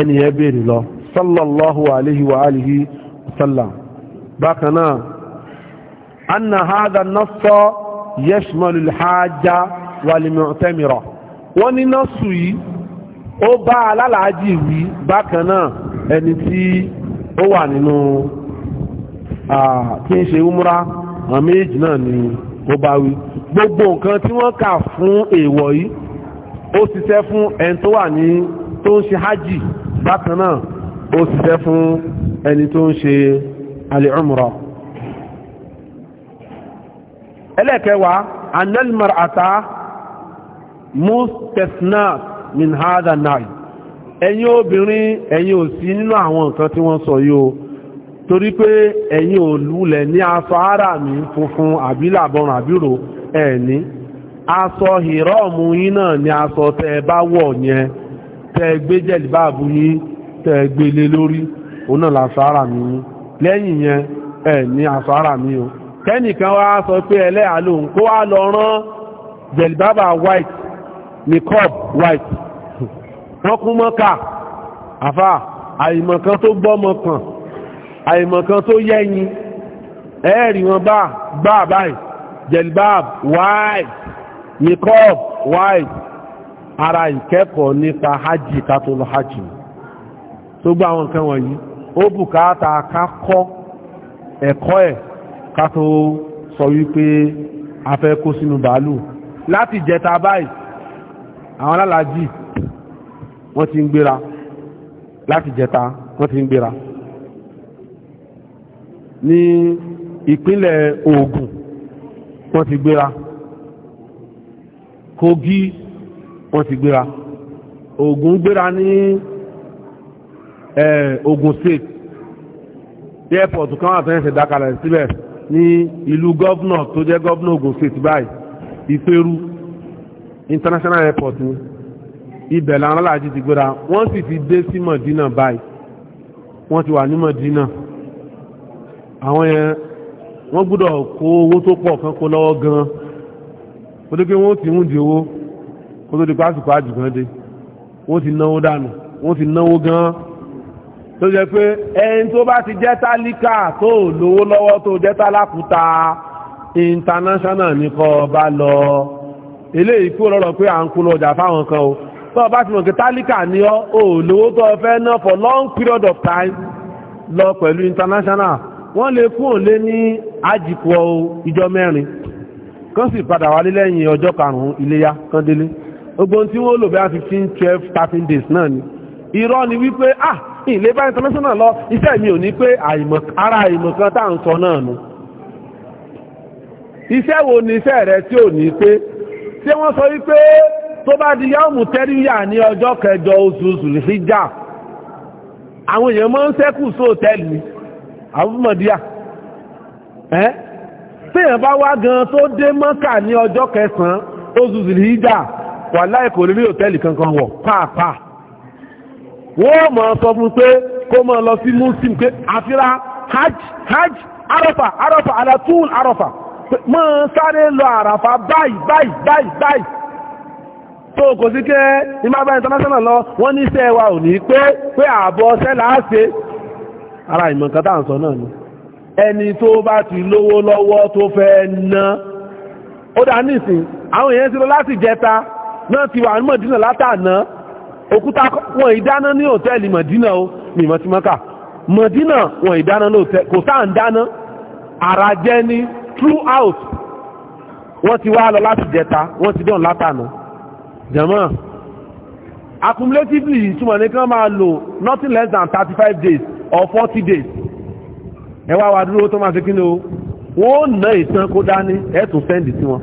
ẹnìyẹn béèrè lọ sallallahu alaihi wa alihi bákan náà anna hadha nassa yashmalu al-hajja wal-mu'tamira wọ́n ní nọ́ọ̀sù yìí ó bá alálàájì wí bákan náà ẹni tí ó wà nínú kí n ṣe umra àwọn méjì náà ni ó bá wí gbogbo nǹkan tí wọ́n kà fún èèwọ̀ yìí ó ṣiṣẹ́ fún ẹni tó wà ní tó ń ṣe hajj bákan náà ó ṣiṣẹ́ fún ẹni tó ń ṣe al-umra ẹlẹ́kẹwàá anelmar ata mustesna min minhada nai ẹ̀yin obìnrin ẹ̀yin ò sí nínú àwọn nǹkan tí wọ́n sọ yìí o torí pé ẹ̀yin ò lulẹ̀ ní aṣọ ara mi funfun àbí làbọ̀rùn àbírò ẹ̀ní aṣọ hìrọ́ọ̀mù yín náà ni aṣọ tẹ́ bá wọ̀ yẹn tẹ́ gbé jẹ̀lìbáàbù yín tẹ́ gbélé lórí òun náà làṣọ ara mi yín lẹ́yìn yẹn ẹ̀ní aṣọ ara mi kẹ́nìkan wá sọ pé ẹlẹ́à lòun kó wá lọ rán jẹ̀lìbábà white nicob white wọ́n kún mọ́ka àfà àìmọ̀kan tó gbọ́mọkàn àìmọ̀kan tó yẹ́yin ẹ̀ẹ́rì wọn bá gbá báyìí jẹ̀lìbáb white nicob white ara ìkẹ́kọ̀ọ́ nípa hajj kátólọ́ hajj tó gbá àwọn nǹkan wọ̀nyí ó bùkátà ká kọ́ ẹ̀kọ́ ẹ̀ ká tó sọ wípé a fẹ́ kó sínú bàálù láti jẹta báyìí àwọn alálàájì wọ́n ti ń gbéra láti jẹta wọ́n ti ń gbéra ní ìpínlẹ̀ Ògùn wọ́n ti gbéra Kogi wọ́n ti gbéra Ògùn gbéra ní Ògùn state airport kan wà fẹ́ẹ́ ṣẹ̀dá kalẹ̀ síbẹ̀ ní ìlú gọ́vnà tó jẹ́ gọ́vnà Ògùn state báyìí ìpérú international airport ni ibẹ̀ làwọn aláàjì ti gbéra wọ́n sì ti dé sí Mọ̀dínà báyìí wọ́n ti wà ní Mọ̀dínà àwọn yẹn wọ́n gbọ́dọ̀ kó owó tó pọ̀ kan kó lọ́wọ́ gan-an kó tó pé wọ́n ti ń di owó kó tó di pásìkò àjùgán dé wọ́n ti náwó dànù wọ́n ti náwó gan-an tó jẹ́ pé ẹni tó bá ti jẹ́ tálíkà tó lówó lọ́wọ́ tó jẹ́ tálákùúta international ní kọ́ bá lọ eléyìí kó lọ́rọ̀ pé à ń kó lọ́jà fáwọn kan o tó bá ti mọ̀ pé tálíkà ní ọ́ ò lówó tó fẹ́ ná for long period of time lọ pẹ̀lú international wọ́n lè kú òun lé ní àjìkọ ìjọ mẹ́rin kan sì padà wálé lẹ́yìn ọjọ́ karùn-ún iléyá kan délé gbogbo tí wọ́n lò bí i fifteen twelve thirteen days náà ni irọ́ ni wípé ah ilé bá international lọ iṣẹ́ mi ò ní pé ara àìmọ̀kan tá à ń sọ náà nu iṣẹ́ wo ni iṣẹ́ rẹ tí ò ní pé ṣé wọ́n sọ wípé tó bá di yọ́ọ̀mù tẹ́ríyà ní ọjọ́ kẹjọ oṣooṣù hijab àwọn èèyàn máa ń sẹ́kù sóòtẹ́ẹ̀lì àbúmọ̀díà ẹ́ téèyàn bá wá gan tó dé mọ́kà ní ọjọ́ kẹsàn-án oṣooṣù hijab wà láì kò rí hòtẹ́ẹ̀lì kankan wọ̀ pàápàá wọ́n mọ̀ sọ fún pé kó mọ̀ lọ sí muslim pé àfíra hajj arafa arọ́fà arọ́fà arafa arọ́fà mọ́ sáré lọ àràfà báyìí báyìí báyìí báyìí tó kò sí ké ìmábá international lọ wọ́n ní iṣẹ́ wa ò ní pé pé ààbọ̀ ọṣẹ́ láàṣe ara ìmọ̀ǹkan ń sọ náà ni ẹni tó bá ti lówó lọ́wọ́ tó fẹ́ ná ó dá nísìn àwọn èèyàn ti lọ láti jẹta náà ti wà ní mọ̀dínà látàná òkúta wọn ìdáná ní òtẹ́ẹ̀lì mọ̀dínà o mímọ̀ ti mọ́kà mọ̀dínà wọn ìdáná ní òtẹ́ẹ̀lì kò sáà ń dáná ara jẹ́ ní throughout wọ́n ti wá lọ láti jẹta wọ́n ti dán látànà jẹ̀mọ́ accumulatively ìtumọ̀ ní kán máa lò nothing less than thirty five days or forty days ẹ wá dúró tó máa fi kí ni o wọ́n ná ìtàn kó dání ẹ̀ tún sẹ́ndì sí wọn.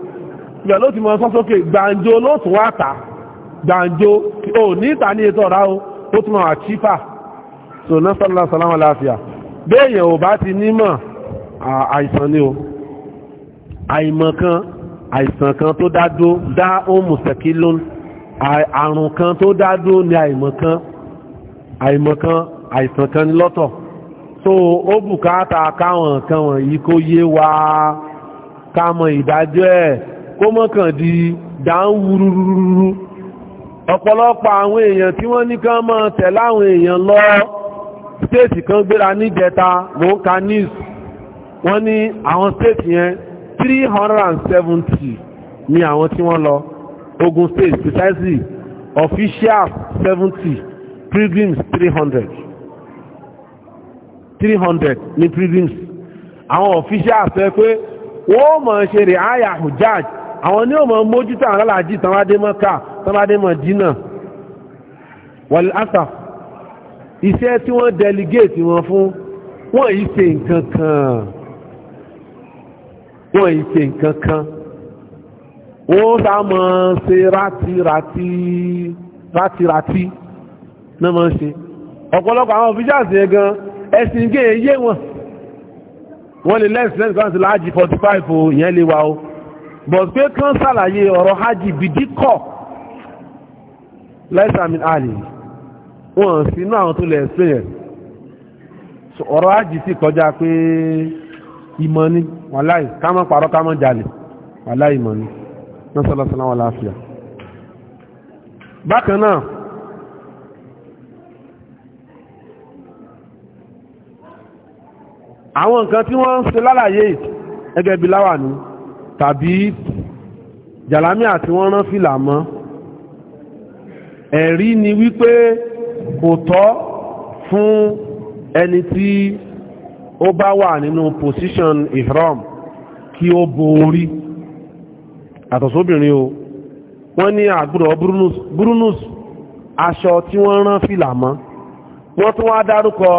ìgbà ló ti mọ sọ́sókè gbàǹjo ló tún wá ta gbàǹjo ò ní ìta ní ètò ọ̀rá o ó tún mọ̀ àchífà so náà sọ́lá sàlámà láàfíà béèyàn ò bá ti nímọ̀ àìsàn ni o àìmọ̀ kan àìsàn kan tó dádó dá ohun sẹ̀kílón àrùn kan tó dádó ni àìmọ̀ kan àìmọ̀ kan àìsàn kan ni lọ́tọ̀ so ó bùkátà káwọn nǹkan wọ̀nyí kó yé wa ká mọ ìdájọ́ ẹ̀ kó mọ́kàn di dáńwúrúrúrú ọ̀pọ̀lọpọ̀ àwọn èèyàn tí wọ́n ní kán máa tẹ̀lé àwọn èèyàn lọ stéètì kan gbéra níjẹta ló ń ka news wọ́n ní àwọn stéètì yẹn 370 ni àwọn tí wọ́n lọ Ogun State precisely official 70 pilgrims 300 300 ni pilgrims àwọn officials sọ pé wọ́n mọ̀ ṣe rẹ̀ àyà hujjaj àwọn ní ọmọ mójútó àwọn aláàjì tánwádé mọ́ká tánwádé Mọdínà wal asaf iṣẹ́ tí wọ́n delegate wọn fún wọ́n yìí ṣe nǹkan kan wọ́n yìí ṣe nǹkan kan wọ́n sá mọ́ ṣe rátirátí rátirátí náà mọ́ ṣe ọ̀pọ̀lọpọ̀ àwọn officials yẹn gan ẹ̀sìn gé yé wọn wọ́n lè lẹ́sìn lẹ́sìn láti láàjì 45 ìyẹn lè wà ó bọ̀sùpé kan sàlàyé ọ̀rọ̀ hajj bìdí kọ̀ láìsàmì àlè wọn sínú àwọn tó lè explain ọ̀rọ̀ hajj sì kọjá pé ìmọ̀ ni wàláì kámọ́ pàrọ́ kámọ́ jalè wàláì ìmọ̀ ni lọ́sọ̀lọ́sọ̀lá wà láàfíà bákan náà àwọn nǹkan tí wọ́n ń ṣe lálàyé ẹgẹ́ bí láwà ní tàbí jàlámíà tí wọ́n rán fìlà mọ́ ẹ̀rí ni wípé kò tọ́ fún ẹni tí ó bá wà nínú position ihram kí ó bo orí àtọ̀sóbìnrin o wọ́n ní àgbúrò brunus brunus aṣọ tí wọ́n rán fìlà mọ́ wọ́n tún wá dárúkọ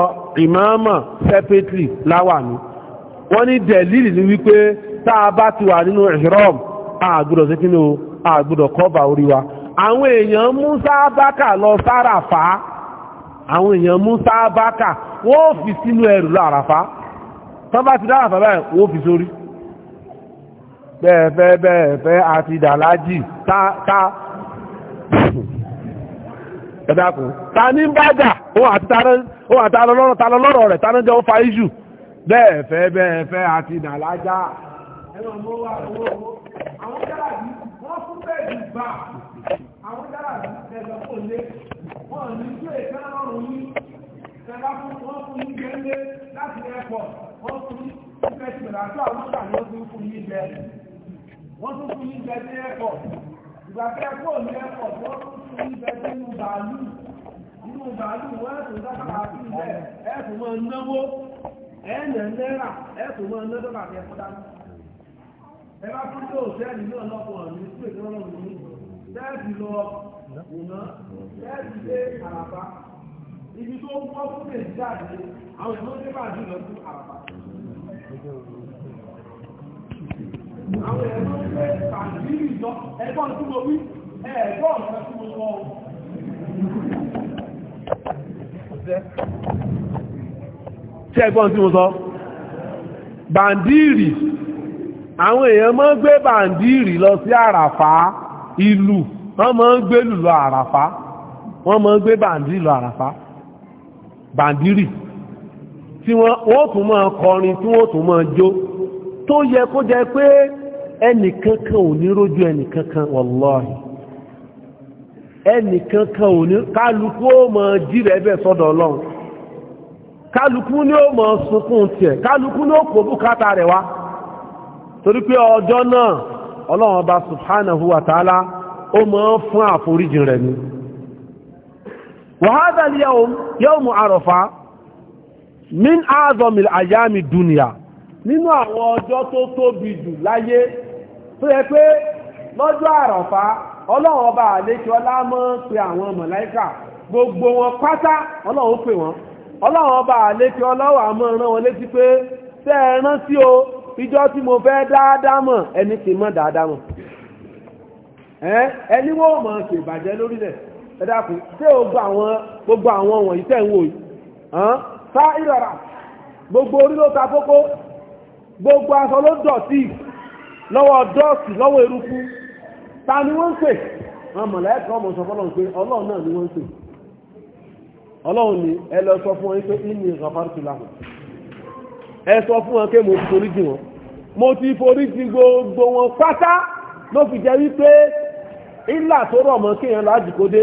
ìmáàmà sẹ́pẹ́tì láwà ní wọ́n ní dẹ̀lìlì ní wípé tá a bá ti wà nínú ihram àgbùdọ̀ sí kínú àgbùdọ̀ kọ́bà orí wa àwọn èèyàn mú sábákà lọ sáràfà àwọn èèyàn mú sábákà wọ́n fi sínú ẹrù lọ àràfà tán bá ti dáràfà báyìí wọ́n fi sórí bẹ́ẹ̀fẹ́ bẹ́ẹ̀fẹ́ àti ìdàlájì ẹ̀dàkùn ta ní bájà ohun àti tààlọ́lọ́rọ̀ rẹ̀ tánújẹ́ ó fa bẹ́ẹ̀fẹ́ bẹ́ẹ̀fẹ́ àti ìdàlájá ẹ̀wọ̀n mọ́ wà owó owó àwọn jálàbí wọ́n fún bẹ́ẹ̀dì gbà àwọn jálàbí ẹ̀sọ̀ kò lé wọ́n ní tí ọrùn yí fún wọ́n fún ní gẹ́lé láti wọ́n fún ní ìfẹ́ àwọn ni wọ́n fún ní jẹ wọ́n tún fún ní jẹ ní ẹ̀pọ̀ ìgbà tẹ́ kó ní ẹ̀pọ̀ wọ́n tún fún ní jẹ nínú bàálù nínú bàálù wọ́n ẹ̀sùn dákàrà ẹ bá tún tó òṣèlú ní ọlọ́pọ̀ ní sí èdè ọlọ́run ní tẹ́ẹ̀sì lọ wùnà tẹ́ẹ̀sì dé àràbá ibi tó ń wọ́n fún èdè jáde àwọn ìlú ní bá jùlọ fún àràbá àwọn ẹ̀rọ ń pẹ́ pàdé ìjọ ẹ̀gbọ́n tí mo wí ẹ̀gbọ́n tí mo sọ ṣé ẹ̀gbọ́n tí mo sọ bàndírì àwọn èèyàn máa ń gbé bàǹdìrì lọ sí àràfá ìlú wọ́n máa ń gbé lù lọ àràfá wọ́n máa ń gbé bàǹdìrì lọ àràfá bàǹdìrì tí wọ́n tún máa kọrin tí wọ́n tún máa jó tó yẹ kó jẹ pé ẹnìkankan ò ní rójú ẹnìkankan wọlọ́ọ̀hìn ẹnìkankan ò ní kálukú ó mọ jírẹ̀ ẹbẹ̀ sọ́dọ̀ ọlọ́run kálukú ni ó mọ sunkún tiẹ̀ kálukú ni ó kò bùkátà rẹ̀ wá torí pé ọjọ́ náà ọlọ́run ọba subhanahu wa ta'ala ó mọ́ fún àforíjìn rẹ̀ ni wàhádà lè yawmu àrọ̀fà min azọmil àyàmì dúnìyà nínú àwọn ọjọ́ tó tóbi jù láyé tó yẹ pé lọ́jọ́ àrọ̀fà ọlọ́run ọba àlékí ọlá mọ́ pé àwọn mọ̀láíkà gbogbo wọn pátá ọlọ́run pè wọ́n ọlọ́run ọba àlékí ọlọ́wà mọ́ rán wọn létí pé tẹ́ ẹ rántí o ìjọ tí mo fẹ́ dáadáa mọ̀ ẹni tí mọ̀ dáadáa mọ̀ ẹni wọ́n mọ̀ ṣe ìbàjẹ́ lórílẹ̀ ẹ dákun ṣé gbogbo àwọn wọ̀nyí tẹ̀ ń wò yìí sá gbogbo orí ló ta gbogbo aṣọ ló dọ̀tí lọ́wọ́ dọ́ọ̀sì ta ni wọ́n ń pè ọmọ sọ pé ọlọ́run náà ni wọ́n ń pè ọlọ́run ni ẹ lọ sọ fún ẹ sọ fún wọn pé mo ti forí jì wọn mo ti forí jì gbogbo wọn pátá ló fi jẹ́ wípé ìlà tó rọ̀ mọ́ kéèyàn láàjìkó dé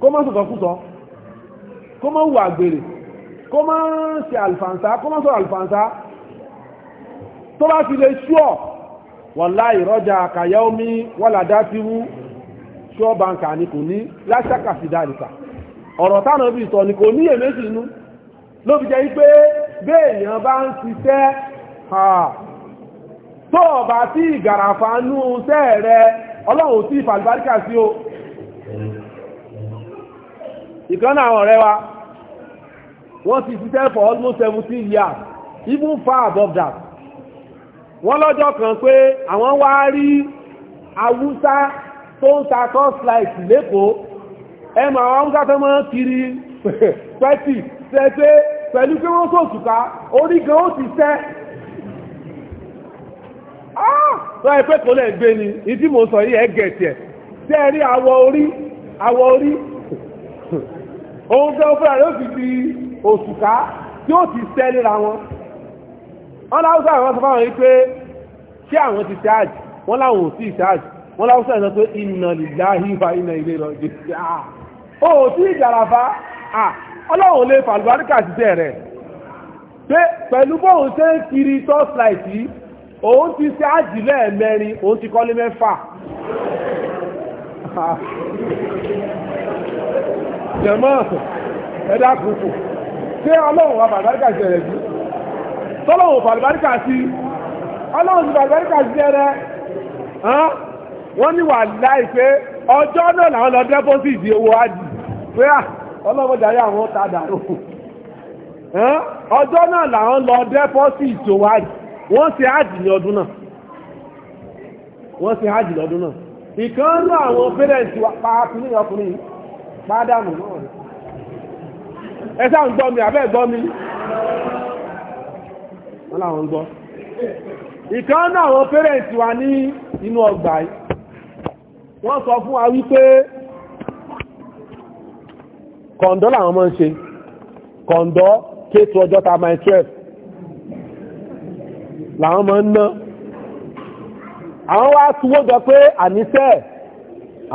kó má sọ̀tọ̀ kú sọ kó má wù àgbèrè kó má ṣe àlùfàǹsá kó má sọ àlùfàǹsá tó bá fi lè ṣúọ̀ wallahi raja àkàyà omi wàlàdá ti wú ṣọ́ bánkà ni kò ní láṣàkàfìdá ìta ọ̀rọ̀ tánà bí sọ ni kò ní èméjì inú ló fi jẹ́ wípé béèyàn bá ń ṣiṣẹ́ tó ọba tí ìgàràfà nú sẹ́ rẹ ọlọ́run tí ìfàlùbáríkà sí o ìkan àwọn ọ̀rẹ́ wa wọ́n ti ṣiṣẹ́ for almost seventeen years even far above that wọ́n lọ́jọ́ kan pé àwọn wá rí awúsá tó ń ta cross light lẹ́kọ̀ọ́ ẹ mọ̀ ma awúsá mọ́ kiri 30 ṣẹ́gbẹ́ pẹ̀lú pé wọ́n sòṣùká orí gan ó ti sẹ́ tó ẹ pé kò lè gbé ni ìdí mo sọ yìí ẹ gẹ̀ẹ́tì ẹ̀ tẹ́ ẹ rí awọ orí awọ orí ohun tó fúnra rẹ̀ ó fi di òṣùká tí ó ti sẹ́ níra wọn wọ́n láwùsọ àwọn sọ fáwọn yìí pé ṣé àwọn ti ṣáàjì wọ́n láwọn ò sí ìṣáàjì wọ́n láwùsọ ìsọ pé inna lillahi wa inna ilayhi raji'un ah! ó ọlọ́run lè fàlùbáríkà síṣẹ́ rẹ̀ pé pẹ̀lú bóun ṣe ń kiri torchlight yìí òun ti ṣe àjìlẹ̀ mẹ́rin òun ti kọ́lé mẹ́fà jẹ̀mọ́ ẹ̀dá kùkù ṣé ọlọ́run wa fàlùbáríkà síṣẹ́ rẹ̀ sí tọ́lọ́run fàlùbáríkà sí ọlọ́run ti fàlùbáríkà síṣẹ́ rẹ̀ wọ́n ní wà láì pé ọjọ́ náà làwọn lọ dẹ́pọ́sì ìdí owó adì pé à ọlọ́mọdàrí àwọn ta òkú ọjọ́ náà làwọn lọ dẹ́pọ́sì ìtòwájì wọ́n si ájì ní ọdún náà wọ́n ṣe ní ọdún náà ìkan àwọn pẹ́rẹ́ǹtì pàápù ní ọkùnrin pàdánù náà ẹ ń ìkan ní inú ọgbà wọ́n sọ fún wa wípé kọ̀ǹdọ́ làwọn máa ń ṣe kọ̀ǹdọ́ kéètù ọjọ́ta mile twelve làwọn máa ń ná àwọn wá túwọ́jọ pé àníṣẹ́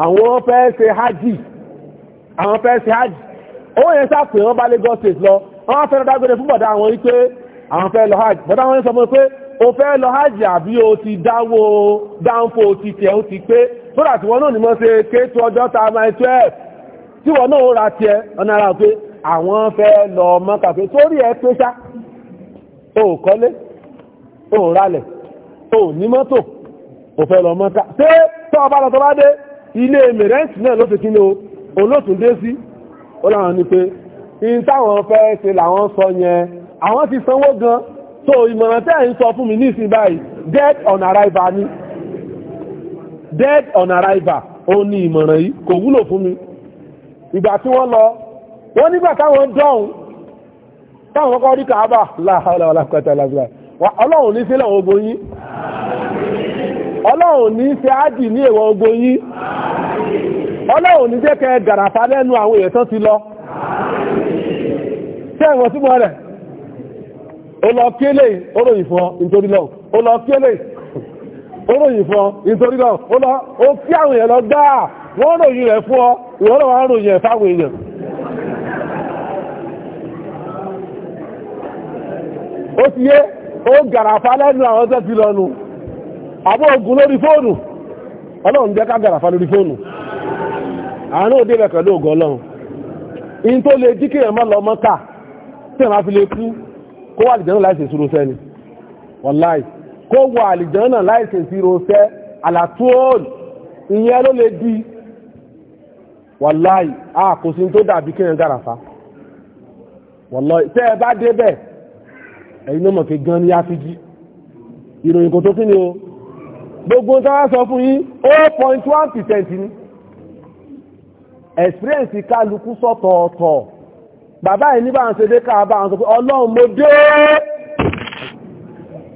àwọn fẹ́ ṣe hajj àwọn fẹ́ ṣe hajj owó yẹn sáàpù wọn bá Lagos state lọ wọ́n wá fẹ́ràn dágbére fún bọ̀dá àwọn wípé àwọn fẹ́ lọ hajj bọ̀dá àwọn sọ pé o fẹ́ lọ hajj àbí o ti dáwó dánfò ti tẹ̀ o ti pé sódà tí wọ́n náà ní mọ́ ṣe kéètù ọjọ́ta mile tí wọ́n náà ra tiẹ̀ ọ̀nà ara pé àwọn fẹ́ lọ ọmọ kàfé torí ẹ pé ṣá o kọ́lé o ralẹ̀ o ní mọ́tò o fẹ́ lọ ọmọ ká ṣé tọ́ ọba lọ tọ́ba dé ilé mẹ̀rẹ́ǹtì náà ló fi kí ni o olóòtú dé sí ó láwọn ni pé in táwọn fẹ́ ṣe làwọn sọ yẹn àwọn ti sanwó gan so ìmọ̀ràn tẹ́ ń sọ fún mi nísìn báyìí dead on arrival ni dead on arrival ó ní ìmọ̀ràn yìí kò wúlò fún mi ìgbà tí wọ́n lọ wọ́n nígbà táwọn dọ́hùn táwọn kọ́ rí kàábà láàárọ̀ alákọ̀ọ́ta lábúrà ọlọ́run ní sílẹ̀ ogun yín ọlọ́run ní ṣe ájì ní èwọ̀ ogun yín ọlọ́run ní jẹ́ kẹ gàràfà lẹ́nu àwọn èèyàn tán ti lọ ṣe ẹ̀wọ̀n túnmọ̀ rẹ̀ ó lọ kíélé oróyìn fún ọ nítorí lọ wọ́n ròyìn rẹ̀ fún ọ ìwọ́n náà wọ́n ròyìn rẹ̀ fáwọn èèyàn ó ti yé ó gàràfà lẹ́nu àwọn tó ti lọ́nu ogun lórí fóònù ọlọ́run jẹ́ ká lórí fóònù àárín rẹ̀ pẹ̀lú kó wà náà láìsè ìṣúró sẹ́ni wàláì wà ló wàláì a kò sí tó dàbí kéèyàn gàràfà wàláì tẹ́ ẹ bá débẹ̀ ẹ̀yin ló mọ̀ kí gan ní áfíjí ìròyìn kò tó kí ni o gbogbo táwa sọ fún yín 0.1 percent ni experience kálukú sọ́tọ̀ọ̀tọ̀ bàbá yìí ní báwọn ṣe dé káà báwọn sọ pé ọlọ́run mo dé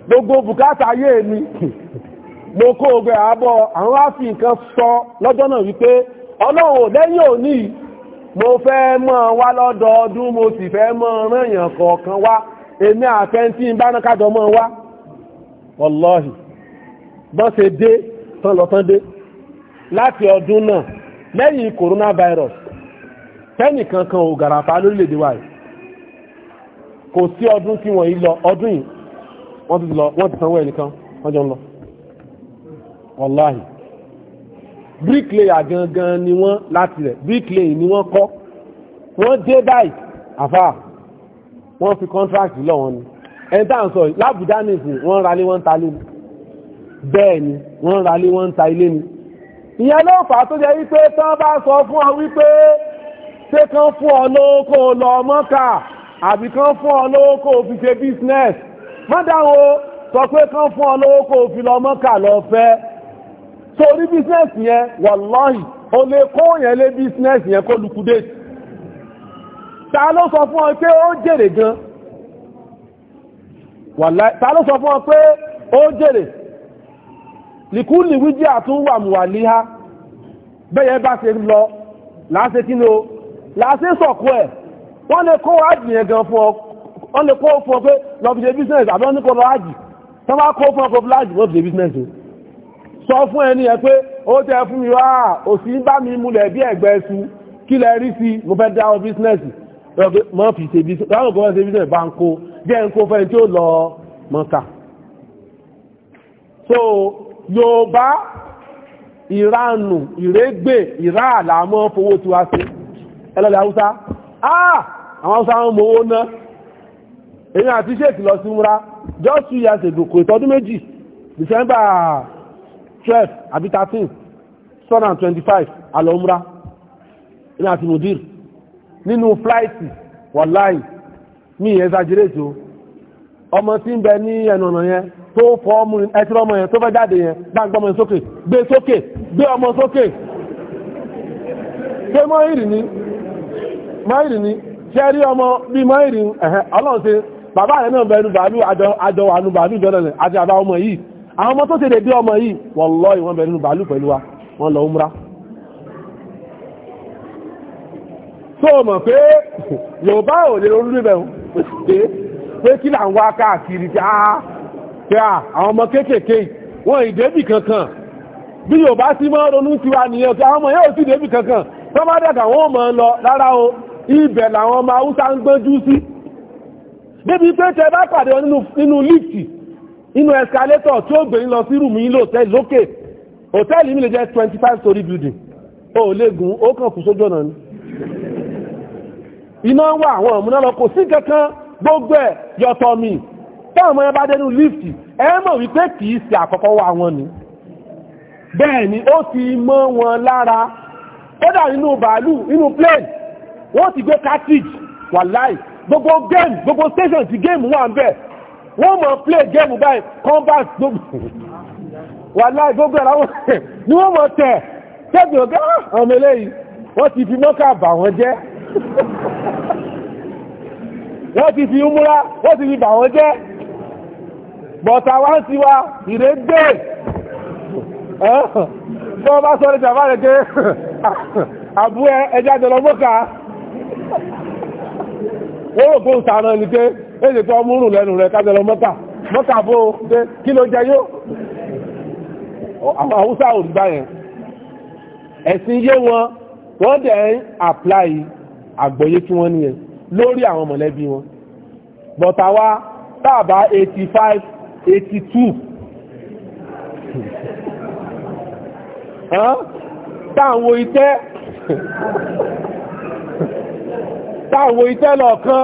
gbogbo bùkátà ayé mi mo kó ogbẹ̀ àbọ̀ àwọn wá fi nǹkan sọ lọ́jọ́ náà wípé ọlọ́run lẹ́yìn òní mo fẹ́ mọ́ wá lọ́dọọdún mo sì fẹ́ mọ́ rányàn kọ̀ọ̀kan wá èmi àfẹ́ntí ìbánákàjọ mọ́ wá ọlọ́hì bọ́n ṣe dé tán lọ́tán dé láti ọdún náà lẹ́yìn coronavirus tẹ́nì kankan ò gàràfà lórílẹ̀-èdè wa kò sí ọdún tí wọ́n lọ ọdún yìí wọ́n ti sanwó ẹnìkan wọ́n jọ ń lọ ọlọ́hì bricklayer gangan ni wọ́n láti rẹ̀ bricklayer ni wọ́n kọ́ wọ́n dé báyìí àfà wọ́n fi contract lọ wọn ni ẹni tá à ń sọ lábùjá nìsín wọ́n ra lé wọ́n ta lé ni bẹ́ẹ̀ ni wọ́n ra lé wọ́n ta ilé ni ìyẹn ló fà á tó jẹ́ wípé tán bá sọ fún ọ wípé ṣé kán fún ọ lówó kó o lọ mọ́kà àbí kán fún ọ lówó kó o fi ṣe business mọ́dà wo sọ pé kán fún ọ lówó kó o fi lọ mọ́kà lọ fẹ́ torí bísínẹ́sì yẹn wàláhì o lè kó yẹn lé bísínẹ́sì yẹn kó lukudé ta ló sọ fún ọ pé ó jèrè gan wàláhì ta ló sọ fún ọ pé ó jèrè lìkúlìwíjì àtúnwàmùwàlíhá bẹ́yẹ bá ṣe lọ láṣẹ kí ni o láṣẹ sọ̀kú ẹ̀ wọ́n lè kó ájì yẹn gan fún ọ wọ́n lè kó fún ọ pé lọ fi ṣe bísínẹ́sì àbẹ́ wọn ní kó lọ ájì tán bá kó fún ọ kó fi láàjì wọ́n fi ṣe bísínẹ́sì sọ fún ẹni ẹ pé ó tẹ fún mi wá òsì ń bá mi múlẹ̀ bí ẹ̀gbẹ́ ẹ̀sù kí lẹ rí sí mo fẹ́ dáwọ́ bísínẹ́sì mọ́ fi ṣe bísínẹ́sì láwọn ògbọ́n ṣe bísínẹ́sì bá ń kó jẹ́ ń kó fẹ́ tí ó lọ mọ́ta so Yorùbá ìranù ìrégbè ìráàlà mọ́ fowó tiwa sí ẹlọ́lẹ̀ Haúsá ah àwọn Haúsá wọn mowó ná èyí àti ṣèkì lọ sí múra just two years ago kò ìtọ́dún méjì December twelve àbí thirteen two hundred and twenty-five alọ́múra ní àti mudir nínú fúláìtì wàláì mi yẹn exaggerate o ọmọ tí ń bẹ ní ẹnu ọ̀nà yẹn tó fọ ọmọ ẹtìrọ ọmọ yẹn tó fẹ́ jáde yẹn dáńgbọ́ ọmọ yẹn sókè gbé sókè gbé ọmọ sókè ṣé mọ́ìrì ni mọ́ìrì ni ṣe rí ọmọ bí mọ́ìrì ẹ̀hẹ́ ọlọ́run ṣe bàbá rẹ̀ náà bẹ̀rù bàálù àjọ bàálù ìjọ àti àbá ọmọ yìí àwọn ọmọ tó ṣe dédé ọmọ yìí wallahi wọ́n bẹ̀rẹ̀ nínú bàálù pẹ̀lú wa wọ́n lọ umra tó mọ̀ pé Yorùbá ò lè ronú níbẹ̀ pé kí là ń wá káàkiri tí ah, ah, àwọn ọmọ kéékèèké wọn ìdébì kankan bí Yorùbá sí mọ́ ronú tiwa nìyẹn tí àwọn ọmọ yóò kankan tó má dàgbà wọ́n mọ̀ lọ rárá o ibẹ̀ làwọn ọmọ Haúsá ń gbọ́njú sí inú ẹ̀skálétọ̀ tí ó gbé yín lọ sí rúùmù yín lóòtẹ́ẹ̀lì lókè hòtẹ́ẹ̀lì mi lè jẹ́ twenty five story building o ò lè gùn ó kàn kù sójú ọ̀nà ni iná wà àwọn ọ̀múná lọ kò sí kankan gbogbo ẹ̀ yọ̀tọ̀ mi táwọn ọmọ yẹn bá dénú lífì ẹ mọ̀ wípé kì í ṣe àkọ́kọ́ wà wọn ni bẹ́ẹ̀ ni ó ti mọ́ wọn lára kódà nínú bàálù nínú plane wọ́n ti gbé cartridge wà láì gbogbo game gbogbo station ti game wà ń bẹ́ẹ̀ wọ́n mọ̀ play game báyìí combat gbogbo wà láì gbogbo ẹ̀rọ wọn ni wọ́n mọ̀ tẹ̀ tẹ́bí ọ̀gá ọmọ eléyìí wọ́n ti fi mọ́kà bà wọ́n jẹ́ wọ́n ti fi múra wọ́n ti fi bà wọ́n jẹ́ bọ̀tà wá ń sí wa ìrégbè tó bá sọ́rọ̀ ìjàmbá rẹ̀ pé àbú ẹja jọlọ mọ́kà wọ́n rò kó ń sàánà ní èdè tó múrùn lẹ́nu rẹ̀ kájọlọ mọ́kà mọ́kà bó dé kí ló jẹ yóò àwọn haúsá ò gbá yẹn ẹ̀sìn yé wọn wọ́n dẹ̀ ń apply àgbọ́yé tí wọ́n níyẹn lórí àwọn mọ̀lẹ́bí wọn bọ̀tà wa tàbá 85 82 táwọn itẹ́ táwọn itẹ́ lọ̀ọ̀kan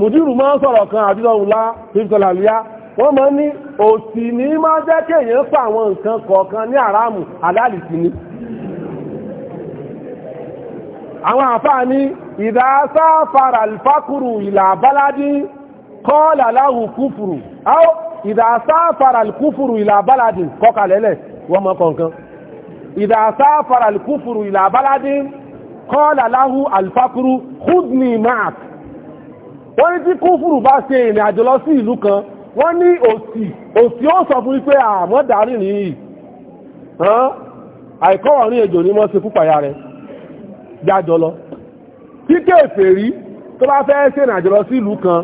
mùdírù máa ń sọ̀rọ̀ kan àdílọ́rùnlá fífọ́làlúyá wọ́n máa ní òsì ní máa jẹ́ kí èyàn pa àwọn nǹkan kọ̀ọ̀kan ní àráàmù aláàlìsì ni àwọn àfáà ní ìdásá faralfakuru ìlà báládí kọ́ọ̀lá láhù kúfùrù áó ìdásá faralkúfùrù ìlà báládí kọkàlẹ́lẹ̀ wọ́n mọ́ kọ̀ọ̀kan ìdásá faralkúfùrù ìlà báládí kọ́ọ̀lá láhù alfakuru hudni wọ́n ní tí kúfùrù bá ṣe ìrìn àjò lọ sí ìlú kan wọ́n ní òsì òsì ó sọ fún wípé àmọ́ darí nìyí àìkọ́ ọ̀rin èjò ní wọ́n ṣe púpàyà rẹ̀ jájọ lọ tí kéèfè rí tó bá fẹ́ ṣe ìrìn àjò lọ sí ìlú kan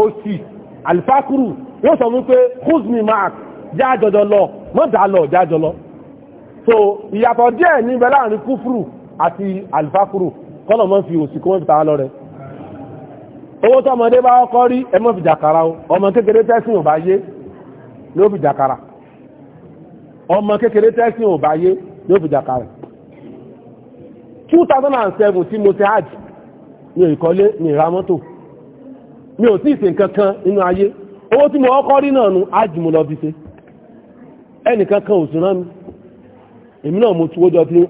òsì alifakuru yóò sọ wípé húsni mark jájọjọ lọ mọ́dà lọ jájọ lọ so ìyàtọ̀ díẹ̀ níbẹ̀ láàrin kúfùrù àti alifakuru kọ́lọ̀ mọ́ fi òsì kó mọ́ fi ta lọ rẹ̀ owó tọ́mọdé bá kọ́ rí ẹmọ́ fi jàkàrà o ọmọ kékeré tẹ́sìn ò bá yé ló fi jàkàrà ọmọ kékeré tẹ́sìn ò bá yé ló fi 2007 tí mo ti hajj ní ní ìramọ́tò mi ò ìsìn kankan nínú ayé owó tí mo kọ́ rí nu hajj mo lọ fi ṣe kan ò rán mi èmi náà mo tuwó jọ tí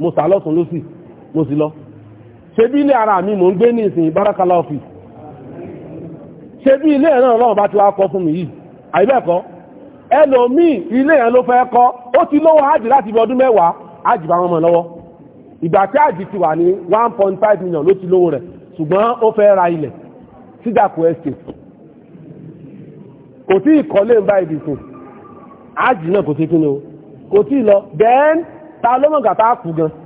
mo sà lọ́sì mo sì lọ. ṣe bí ilé ara mi mò ń gbé ní ìsìn ìbárakàlá ọ̀fì ṣe bí ilé ẹ̀rọ ọlọ́run bá ti wá kọ́ fún mi yìí àìbẹ́ẹ̀kọ́ ẹlòmíì ilé ẹ̀ ló fẹ́ kọ́ ó ti lówó ájì láti ibi ọdún mẹ́wàá ájì bá wọn mọ̀ lọ́wọ́ ìgbà tí ájì ti wà ní 1.5 million ló ti lówó rẹ̀ ṣùgbọ́n ó fẹ́ ra ilẹ̀ sídàkù estate kò tí ìkọ́lé ń bá ibi sùn ájì náà kò sí kí ni o kò tí ì lọ then ta ló mọ̀gà tá a kú gan-an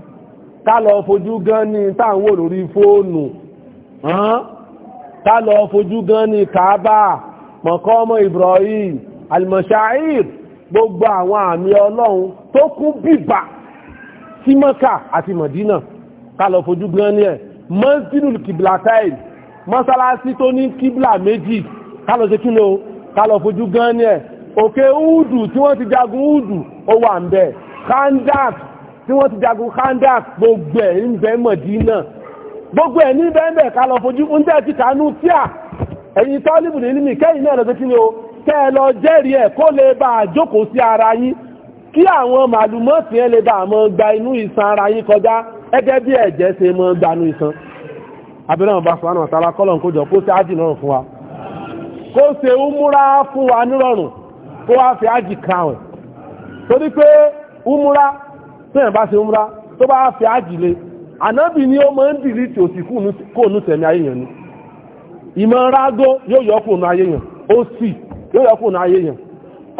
ká lọ fojú gan ní táwọn wò lórí fóònù ká lọ fojú gan ní kaaba mọ̀kọ́mọ́ Ibrahim almashair gbogbo àwọn àmì ọlọ́run tó kú bìbà sí Mọ́kà àti Mọ̀dínà ká lọ fojú gan ní ẹ̀ mọ́sílùl kìbìlátàì mọ́sálásí tó ní kíbìlà méjì ká lọ ṣe kí ni o ká lọ fojú gan ní ẹ̀ òkè údù tí wọ́n ti jagun údù ó wà ń bẹ̀ khandak tí wọ́n ti jagun kanda gbogbo ẹ̀ ń bẹ náà. gbogbo ẹ̀ ní bẹ́ẹ̀ ká lọ fojú ń tẹ́ ti kánú tí à ẹ̀yin tọ́lìbù nílùmí kẹ́yìn náà kí ni o kẹ́ lọ jẹ́rìí ẹ̀ kó lè bá a jókòó sí ara yín kí àwọn màlúmọ́sì ẹ a gba inú ara yín kọjá ẹgẹ́ bí ṣe abẹ́rẹ́ wọn bá kó tẹ́yìn bá ṣe umra tó bá fi ájìlé ànábì ni ó máa ń dìrí tí ó sì kóònù tẹ̀mí ayéyàn ni ìmọ̀ rágó yóò yọ kóònù ayéyàn ó sì yóò yọ kóònù ayéyàn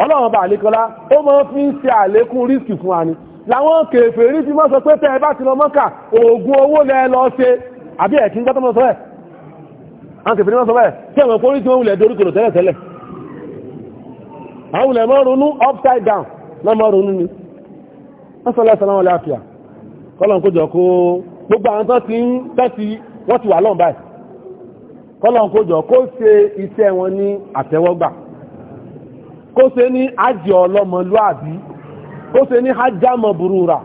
ọlọ́run bá àlékọlá ó máa fi ń ṣe àlékún rísì fún wa ni làwọn kèfè rí fi mọ́ sọ pé tẹ́ẹ̀ bá ti lọ mọ́kà oògùn owó lẹ lọ ṣe àbí ẹ̀kí ń gbọ́tọ́mọ́ ẹ̀ upside down lọ́mọ ronú ni mọ́sánlá sàlámà láàfíà kọ́lọ̀ kó jọ kó gbogbo àwọn tán ti ń tẹ́sí wọ́n ti wà lọ́n báyìí kọ́lọ̀ kó jọ kó ṣe iṣẹ́ wọn ní àtẹ́wọ́gbà kó ṣe ní ájì ọlọ́mọlúàbí kó ṣe ní hajjámọ̀ burúra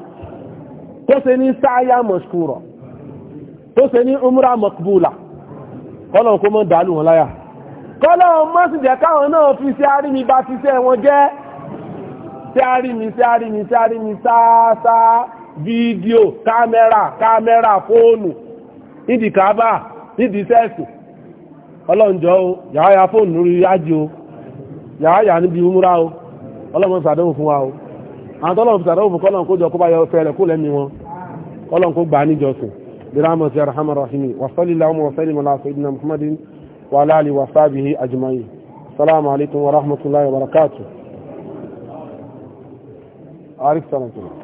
kó ṣe ní sáyámọ̀ ṣkúrọ̀ kó ṣe ní umra makbula kọ́lọ̀ kó mọ́ dàálù wọn láyà kọ́lọ̀ mọ́sìdẹ̀ káwọn náà fi ṣe àrími bá sí àrími sí àrími sí àrími sáásá fídíò kámẹ́rà kámẹ́rà fóònù nídìí kábà nídìí sẹ́ẹ̀sì ọlọ́njọ́ o yàá ya fóònù lórí ájí o yàá yà níbi múra o ọlọ́mọ sàdéhùn fún wa o àwọn tọ́lọ́mọ sàdéhùn fún kọ́lọ́n kó ya kó bá yọ fẹ́rẹ̀ kó lẹ́mi wọn kọ́lọ́n Arif सारा के